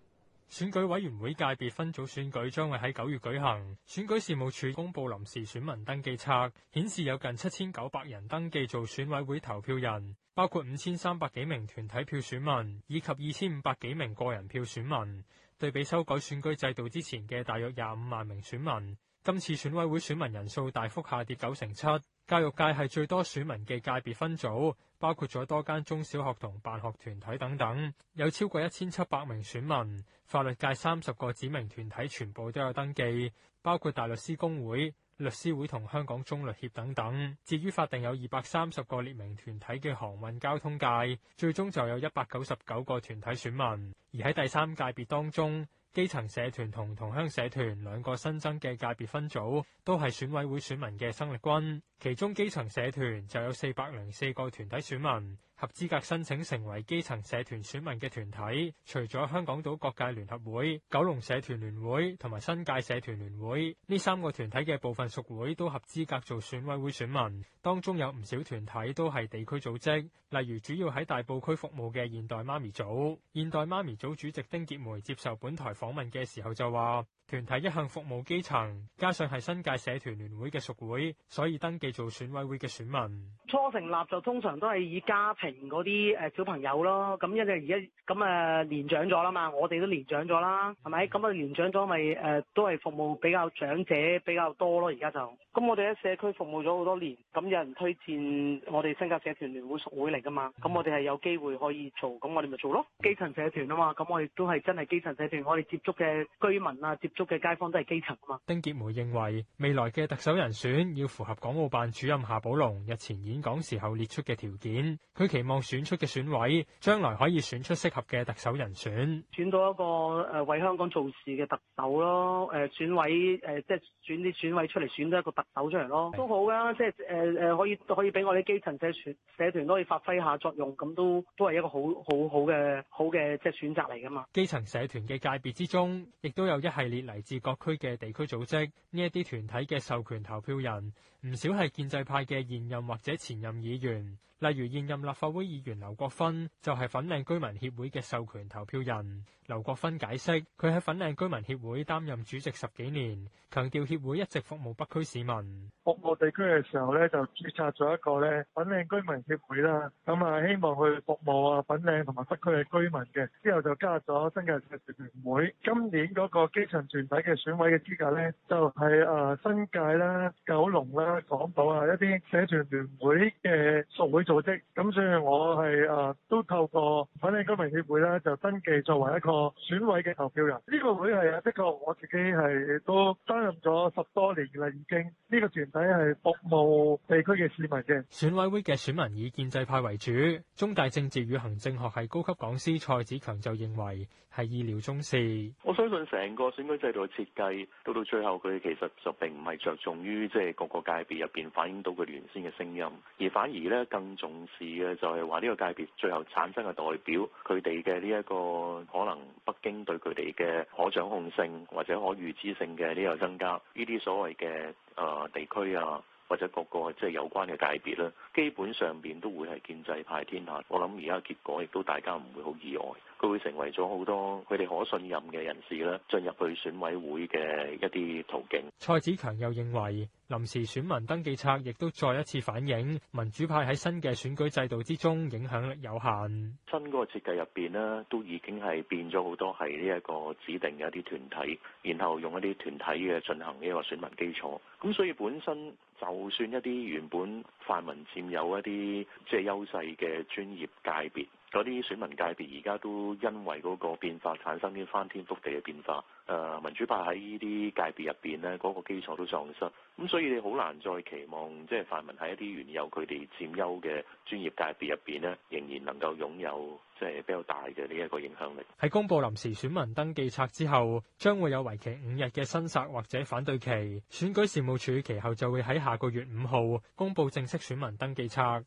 選舉委員會界別分組選舉將會喺九月舉行。選舉事務處公布臨時選民登記冊，顯示有近七千九百人登記做選委會投票人，包括五千三百幾名團體票選民以及二千五百幾名個人票選民，對比修改選舉制度之前嘅大約廿五萬名選民。今次選委會選民人數大幅下跌九成七，教育界係最多選民嘅界別分組，包括咗多間中小學同辦學團體等等，有超過一千七百名選民。法律界三十個指名團體全部都有登記，包括大律師公會、律師會同香港中律協等等。至於法定有二百三十個列明團體嘅航運交通界，最終就有一百九十九個團體選民。而喺第三界別當中，基層社團同同鄉社團兩個新增嘅界別分組，都係選委會選民嘅生力軍，其中基層社團就有四百零四個團體選民。合資格申請成為基層社團選民嘅團體，除咗香港島各界聯合會、九龍社團聯會同埋新界社團聯會，呢三個團體嘅部分屬會都合資格做選委會選民。當中有唔少團體都係地區組織，例如主要喺大埔區服務嘅現代媽咪組。現代媽咪組主席丁潔梅接受本台訪問嘅時候就話，團體一向服務基層，加上係新界社團聯會嘅屬會，所以登記做選委會嘅選民。初成立就通常都係以家庭。嗰啲誒小朋友咯，咁因為而家咁誒年長咗啦嘛，我哋都年長咗啦，係咪？咁啊年長咗咪誒都係服務比較長者比較多咯，而家就咁我哋喺社區服務咗好多年，咁有人推薦我哋新界社團聯會屬會嚟㗎嘛，咁我哋係有機會可以做，咁我哋咪做咯。基層社團啊嘛，咁我哋都係真係基層社團，我哋接觸嘅居民啊，接觸嘅街坊都係基層啊嘛。丁潔梅認為未來嘅特首人選要符合港澳辦主任夏寶龍日前演講時候列出嘅條件，佢期望選出嘅選委，將來可以選出適合嘅特首人選，選到一個誒為香港做事嘅特首咯。誒選委誒即係選啲選委出嚟選咗一個特首出嚟咯，都好噶，即係誒誒可以可以俾我哋基層社團社團都可以發揮一下作用，咁都都係一個好好好嘅好嘅即係選擇嚟噶嘛。基層社團嘅界別之中，亦都有一系列嚟自各區嘅地區組織，呢一啲團體嘅授權投票人。唔少係建制派嘅現任或者前任議員，例如現任立法會議員劉國芬就係粉嶺居民協會嘅授權投票人。劉國芬解釋，佢喺粉嶺居民協會擔任主席十幾年，強調協會一直服務北區市民。服務地區嘅時候咧，就註冊咗一個咧粉嶺居民協會啦。咁啊，希望去服務啊粉嶺同埋北區嘅居民嘅。之後就加入咗新界社團聯會。今年嗰個基層團體嘅選委嘅資格咧，就係誒新界啦、九龍啦。講到啊一啲社團聯會嘅屬會組織，咁所以我係啊都透過粉嶺居民協會啦就登記作為一個選委嘅投票人。呢、這個會係啊，的確我自己係都擔任咗十多年嘅啦，已經呢、這個團體係服務地區嘅市民嘅。選委會嘅選民以建制派為主，中大政治與行政學系高級講師蔡子強就認為係意料中事。我相信成個選舉制度嘅設計到到最後，佢其實就並唔係着重於即係各個界。別入邊反映到佢原先嘅聲音，而反而咧更重視嘅就係話呢個界別最後產生嘅代表，佢哋嘅呢一個可能北京對佢哋嘅可掌控性或者可預知性嘅呢個增加，呢啲所謂嘅誒、呃、地區啊或者各個即係、就是、有關嘅界別啦，基本上邊都會係建制派天下。我諗而家結果亦都大家唔會好意外。都會成為咗好多佢哋可信任嘅人士啦，進入去選委會嘅一啲途徑。蔡子強又認為，臨時選民登記冊亦都再一次反映民主派喺新嘅選舉制度之中影響力有限。新嗰個設計入邊呢，都已經係變咗好多，係呢一個指定嘅一啲團體，然後用一啲團體嘅進行呢個選民基礎。咁所以本身就算一啲原本泛民佔有一啲即係優勢嘅專業界別。嗰啲選民界別而家都因為嗰個變化產生啲翻天覆地嘅變化。誒、呃，民主派喺呢啲界別入面呢，嗰、那個基礎都喪失，咁所以你好難再期望即係、就是、泛民喺一啲原有佢哋佔優嘅專業界別入面呢，仍然能夠擁有即係、就是、比較大嘅呢一個影響力。喺公布臨時選民登記冊之後，將會有為期五日嘅申索或者反對期。選舉事務處其後就會喺下個月五號公布正式選民登記冊。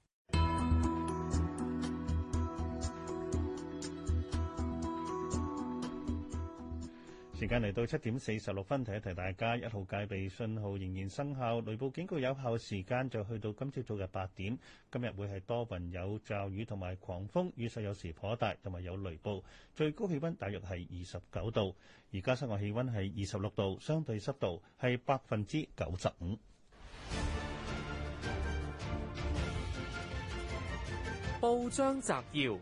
時間嚟到七點四十六分，提一提大家，一號戒備信號仍然生效，雷暴警告有效時間就去到今朝早嘅八點。今日會係多雲有驟雨同埋狂風，雨勢有時頗大，同埋有雷暴。最高氣温大約係二十九度，而家室外氣温係二十六度，相對濕度係百分之九十五。報章摘要。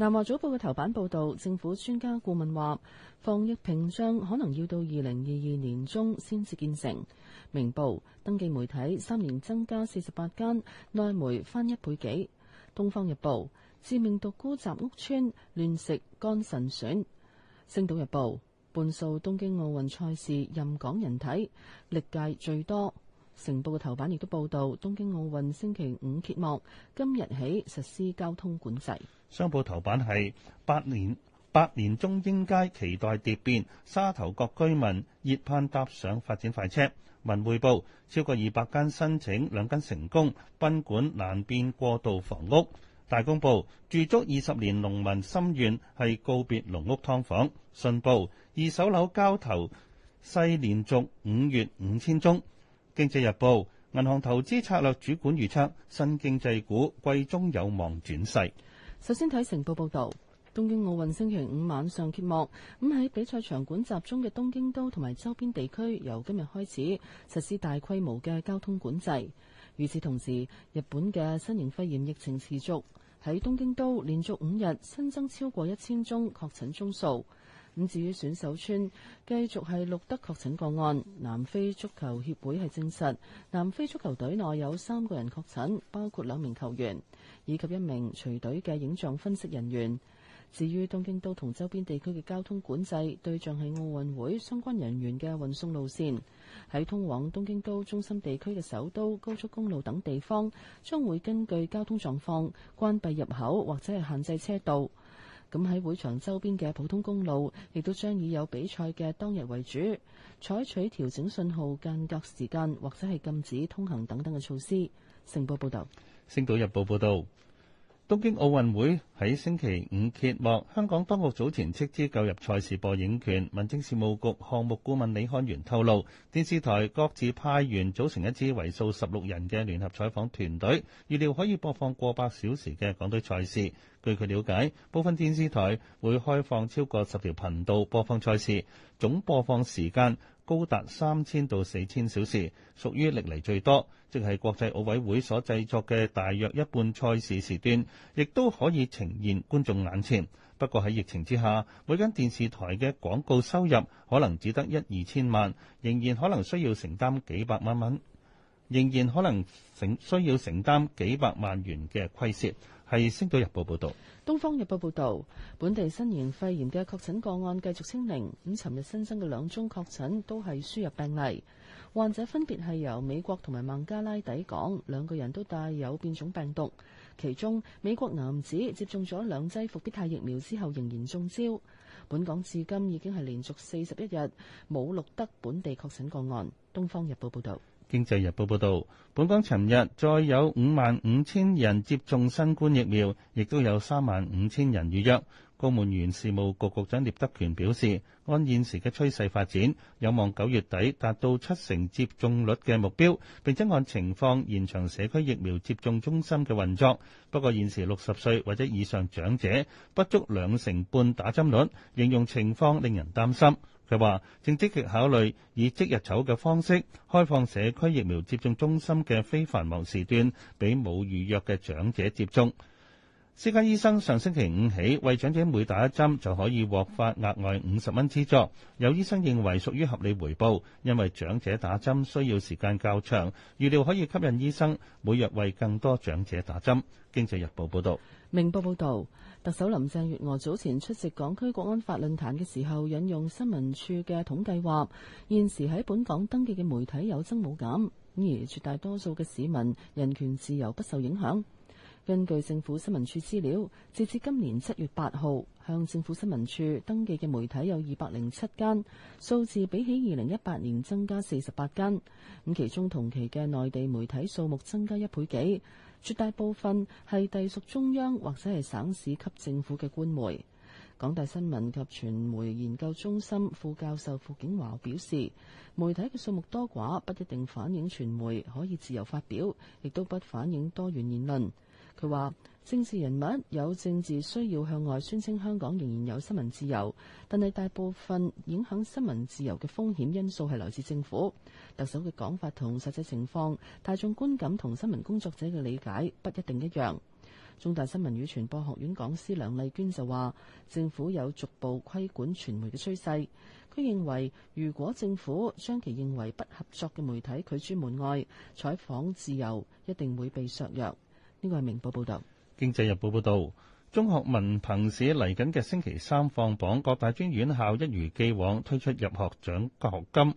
南華早報嘅頭版報道，政府專家顧問話，防疫屏障可能要到二零二二年中先至建成。明報，登記媒體三年增加四十八間，內媒翻一倍幾。東方日報，致命毒菇集屋村，亂食肝腎損。星島日報，半數東京奧運賽事任港人睇，歷屆最多。成報嘅頭版亦都報道東京奧運星期五揭幕，今日起實施交通管制。商報頭版係百年，百年中英街期待蝶變，沙頭角居民熱盼搭上發展快車。文匯報超過二百間申請，兩間成功，賓館難變過渡房屋。大公報住足二十年農，農民心願係告別農屋劏房。信報二手樓交投細，西連續五月五千宗。經濟日報銀行投資策略主管預測，新經濟股季中有望轉勢。首先睇成報報道，東京奧運星期五晚上揭幕，咁喺比賽場館集中嘅東京都同埋周邊地區，由今日開始實施大規模嘅交通管制。與此同時，日本嘅新型肺炎疫情持續，喺東京都連續五日新增超過一千宗確診宗數。咁至於選手村繼續係錄得確診個案，南非足球協會係證實，南非足球隊內有三個人確診，包括兩名球員以及一名隨隊嘅影像分析人員。至於東京都同周邊地區嘅交通管制，對象係奧運會相關人員嘅運送路線，喺通往東京都中心地區嘅首都高速公路等地方，將會根據交通狀況，關閉入口或者係限制車道。咁喺會場周邊嘅普通公路，亦都將以有比賽嘅當日為主，採取調整信號間隔時間或者係禁止通行等等嘅措施。成報報道，《星島日報》報道，東京奧運會，喺星期五揭幕，香港當局早前斥資購入賽事播映權。民政事務局項目顧問李漢元透露，電視台各自派員組成一支為數十六人嘅聯合採訪團隊，預料可以播放過百小時嘅港隊賽事。據佢了解，部分電視台會開放超過十條頻道播放賽事，總播放時間高達三千到四千小時，屬於歷嚟最多，即係國際奧委會所製作嘅大約一半賽事時段，亦都可以呈現觀眾眼前。不過喺疫情之下，每間電視台嘅廣告收入可能只得一二千萬，仍然可能需要承擔幾百萬蚊，仍然可能承需要承擔幾百萬元嘅虧蝕。係《星島日報》報道，《東方日報》報道，本地新型肺炎嘅確診個案繼續清零。咁尋日新增嘅兩宗確診都係輸入病例，患者分別係由美國同埋孟加拉抵港，兩個人都帶有變種病毒。其中，美國男子接種咗兩劑復必泰疫苗之後仍然中招。本港至今已經係連續四十一日冇錄得本地確診個案。《東方日報》報道。《經濟日報》報道，本港尋日再有五萬五千人接種新冠疫苗，亦都有三萬五千人預約。公務員事務局局長聶德權表示，按現時嘅趨勢發展，有望九月底達到七成接種率嘅目標，並且按情況延長社區疫苗接種中心嘅運作。不過現時六十歲或者以上長者不足兩成半打針率，形容情況令人擔心。佢話正積極考慮以即日籌嘅方式開放社區疫苗接種中心嘅非繁忙時段，俾冇預約嘅長者接種。私家醫生上星期五起為長者每打一針就可以獲發額外五十蚊資助，有醫生認為屬於合理回報，因為長者打針需要時間較長，預料可以吸引醫生每日為更多長者打針。經濟日報報道。明報報道，特首林鄭月娥早前出席港區國安法論壇嘅時候，引用新聞處嘅統計話，現時喺本港登記嘅媒體有增冇減，而絕大多數嘅市民人權自由不受影響。根據政府新聞處資料，截至今年七月八號，向政府新聞處登記嘅媒體有二百零七間，數字比起二零一八年增加四十八間。咁其中同期嘅內地媒體數目增加一倍幾，絕大部分係隸屬中央或者係省市級政府嘅官媒。港大新聞及傳媒研究中心副教授傅景華表示，媒體嘅數目多寡不一定反映傳媒，可以自由發表，亦都不反映多元言論。佢話：政治人物有政治需要向外宣稱香港仍然有新聞自由，但係大部分影響新聞自由嘅風險因素係來自政府。特首嘅講法同實際情況、大眾觀感同新聞工作者嘅理解不一定一樣。中大新聞與傳播學院講師梁麗娟就話：政府有逐步規管傳媒嘅趨勢。佢認為，如果政府將其認為不合作嘅媒體拒諸門外，採訪自由一定會被削弱。呢個係明報報導，《經濟日報》報導，中學文憑試嚟緊嘅星期三放榜，各大專院校一如既往推出入學獎學金，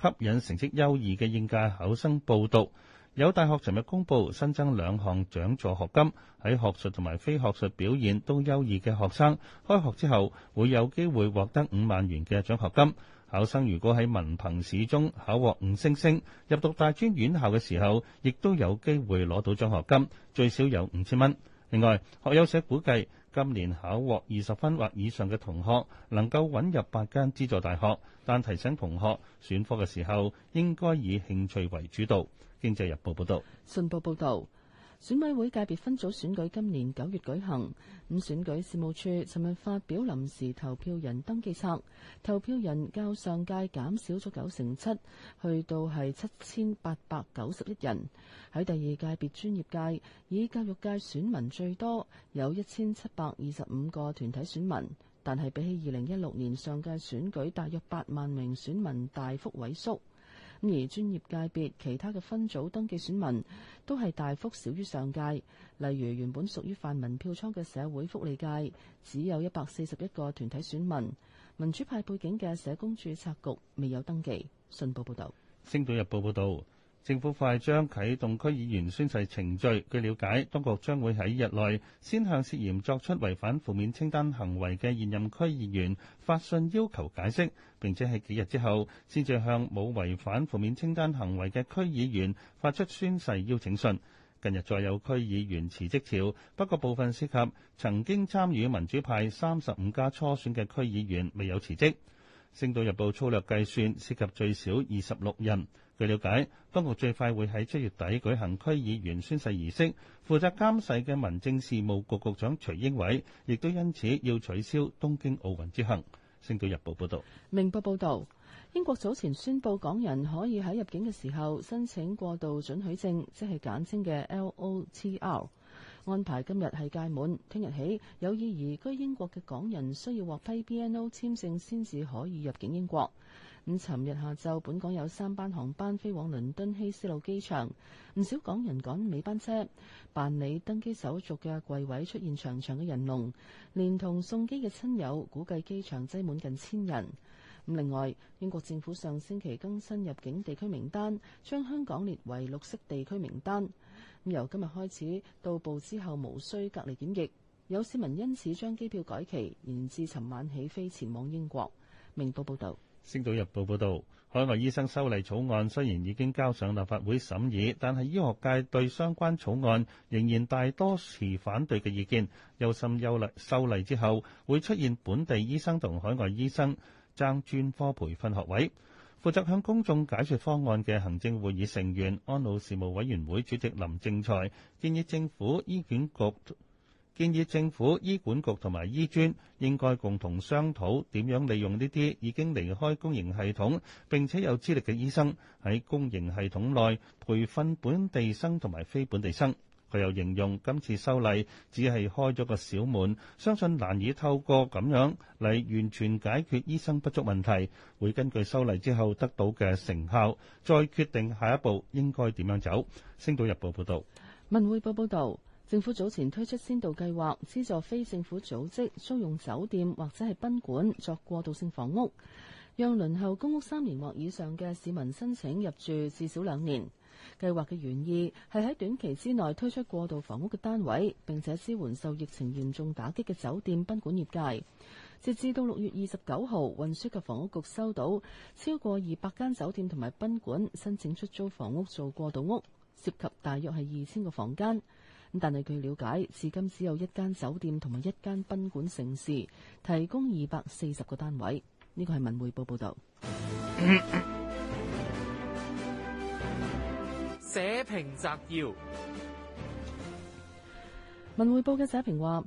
吸引成績優異嘅應屆考生報讀。有大學尋日公布新增兩項獎助學金，喺學術同埋非學術表現都優異嘅學生，開學之後會有機會獲得五萬元嘅獎學金。考生如果喺文憑試中考獲五星星，入讀大專院校嘅時候，亦都有機會攞到獎學金，最少有五千蚊。另外，學友社估計今年考獲二十分或以上嘅同學，能夠穩入八間資助大學。但提醒同學選科嘅時候，應該以興趣為主導。經濟日報報道，信報報道。選委會界別分組選舉今年九月舉行，咁選舉事務處尋日發表臨時投票人登記冊，投票人較上屆減少咗九成七，去到係七千八百九十一人。喺第二界別專業界，以教育界選民最多，有一千七百二十五個團體選民，但係比起二零一六年上屆選舉，大約八萬名選民大幅萎縮。而專業界別其他嘅分組登記選民都係大幅少於上屆，例如原本屬於泛民票倉嘅社會福利界，只有一百四十一個團體選民，民主派背景嘅社工註冊局未有登記。信報報導，星島日報報政府快將啟動區議員宣誓程序。據了解，當局將會喺日內先向涉嫌作出違反負面清單行為嘅現任區議員發信要求解釋，並且喺幾日之後先至向冇違反負面清單行為嘅區議員發出宣誓邀請信。近日再有區議員辭職潮，不過部分涉及曾經參與民主派三十五加初選嘅區議員未有辭職。星島日報粗略計算，涉及最少二十六人。據了解，當局最快會喺七月底舉行區議員宣誓儀式。負責監誓嘅民政事務局局長徐英偉，亦都因此要取消東京奧運之行。星島日報報道。明報報道，英國早前宣布港人可以喺入境嘅時候申請過渡准許證，即係簡稱嘅 L O T R。安排今日係屆滿，聽日起有意移居英國嘅港人需要獲批 B N O 簽證先至可以入境英國。咁，尋日下晝，本港有三班航班飛往倫敦希斯路機場，唔少港人趕尾班車辦理登機手續嘅櫃位出現長長嘅人龍，連同送機嘅親友，估計機場擠滿近千人。另外，英國政府上星期更新入境地區名單，將香港列為綠色地區名單。由今日開始，到埗之後無需隔離檢疫，有市民因此將機票改期，延至尋晚起飛前往英國。明報報道。《星島日報》報導，海外醫生修例草案雖然已經交上立法會審議，但係醫學界對相關草案仍然大多持反對嘅意見。又甚憂慮，修例之後會出現本地醫生同海外醫生爭專科培訓學位。負責向公眾解説方案嘅行政會議成員安老事務委員會主席林正財建議政府醫管局。建議政府醫管局同埋醫專應該共同商討點樣利用呢啲已經離開公營系統並且有資歷嘅醫生，喺公營系統內培訓本地生同埋非本地生。佢又形容今次修例只係開咗個小門，相信難以透過咁樣嚟完全解決醫生不足問題。會根據修例之後得到嘅成效，再決定下一步應該點樣走。星島日報報道。文匯報報導。政府早前推出先導計劃，資助非政府組織租用酒店或者係賓館作過渡性房屋，讓輪候公屋三年或以上嘅市民申請入住至少兩年。計劃嘅原意係喺短期之內推出過渡房屋嘅單位，並且支援受疫情嚴重打擊嘅酒店賓館業界。截至到六月二十九號，運輸及房屋局收到超過二百間酒店同埋賓館申請出租房屋做過渡屋，涉及大約係二千個房間。但係據了解，至今只有一間酒店同埋一間賓館，城市提供二百四十個單位。呢個係文匯報報道。社評摘要。文匯報嘅社評話：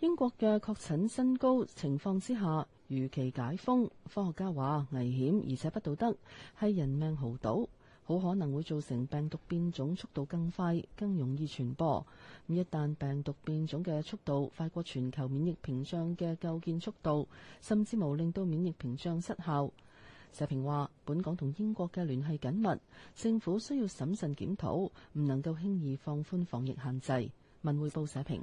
英國嘅確診新高情況之下，如期解封。科學家話危險而且不道德，係人命豪賭。好可能會造成病毒變種速度更快，更容易傳播。一旦病毒變種嘅速度快過全球免疫屏障嘅構建速度，甚至無令到免疫屏障失效。社評話：本港同英國嘅聯繫緊密，政府需要審慎檢討，唔能夠輕易放寬防疫限制。文匯報社評。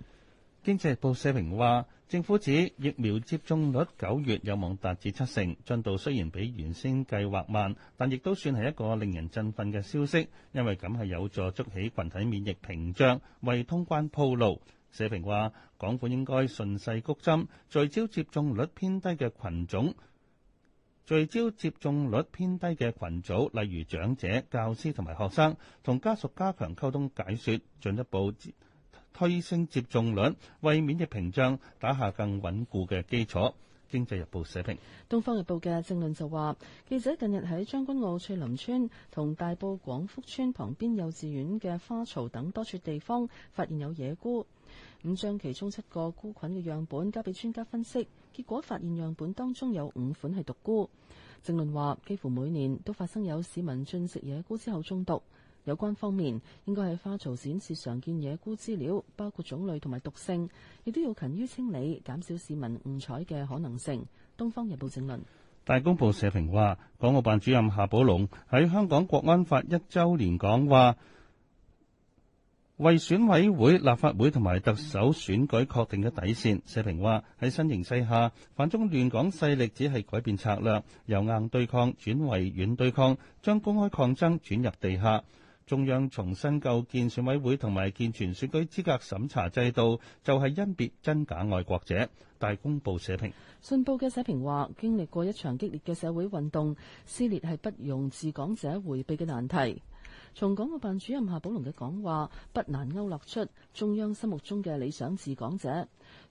經濟報社評話，政府指疫苗接種率九月有望達至七成，進度雖然比原先計劃慢，但亦都算係一個令人振奮嘅消息，因為咁係有助築起群體免疫屏障，為通關鋪路。社評話，港府應該順勢谷針，聚焦接種率偏低嘅群種，聚焦接種率偏低嘅群組，例如長者、教師同埋學生，同家屬加強溝通解説，進一步推升接種率，為免疫屏障打下更穩固嘅基礎。經濟日報社評。東方日報嘅正論就話：記者近日喺將軍澳翠林村同大埔廣福村旁邊幼稚園嘅花槽等多處地方，發現有野菇，並將其中七個菇菌嘅樣本交俾專家分析，結果發現樣本當中有五款係毒菇。正論話：幾乎每年都發生有市民進食野菇之後中毒。有關方面應該係花槽展示常見野菇資料，包括種類同埋毒性，亦都要勤於清理，減少市民誤採嘅可能性。《東方日報》正論。大公報社評話，港澳辦主任夏寶龍喺香港國安法一周年講話，為選委會、立法會同埋特首選舉確定嘅底線。社評話喺新形勢下，反中亂港勢力只係改變策略，由硬對抗轉為軟對抗，將公開抗爭轉入地下。中央重新構建選委會同埋健全選舉資格審查制度，就係甄別真假愛國者。大公報社評。信報嘅社評話：經歷過一場激烈嘅社會運動，撕裂係不容治港者回避嘅難題。從港澳辦主任夏寶龍嘅講話，不難勾勒出中央心目中嘅理想治港者。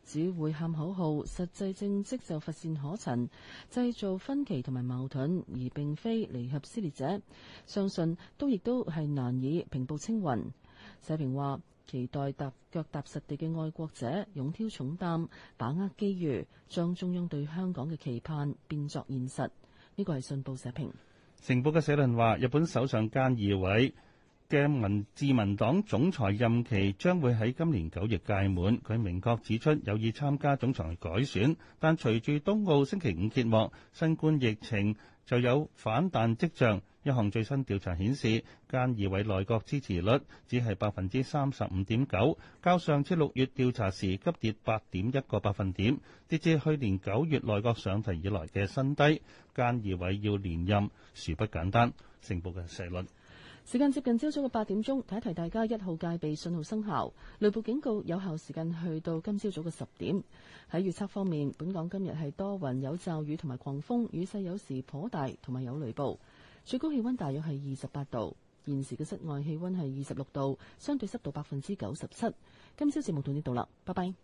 只會喊口號，實際政績就乏善可陳，製造分歧同埋矛盾，而並非離合撕裂者，相信都亦都係難以平步青雲。社評話：期待踏腳踏實地嘅愛國者勇挑重擔，把握機遇，將中央對香港嘅期盼變作現實。呢個係信報社評。成報嘅社論話：日本首相菅義偉。嘅民自民黨總裁任期將會喺今年九月屆滿，佢明確指出有意參加總裁改選，但隨住冬奧星期五結幕，新冠疫情就有反彈迹象。一項最新調查顯示，菅義偉內閣支持率只係百分之三十五點九，較上次六月調查時急跌八點一個百分點，跌至去年九月內閣上台以來嘅新低。菅義偉要連任殊不簡單，成報嘅社論。時間接近朝早嘅八點鐘，提一提大家一號戒備信號生效，雷暴警告有效時間去到今朝早嘅十點。喺預測方面，本港今日係多雲有驟雨同埋狂風，雨勢有時頗大，同埋有雷暴。最高氣溫大約係二十八度，現時嘅室外氣溫係二十六度，相對濕度百分之九十七。今朝節目到呢度啦，拜拜。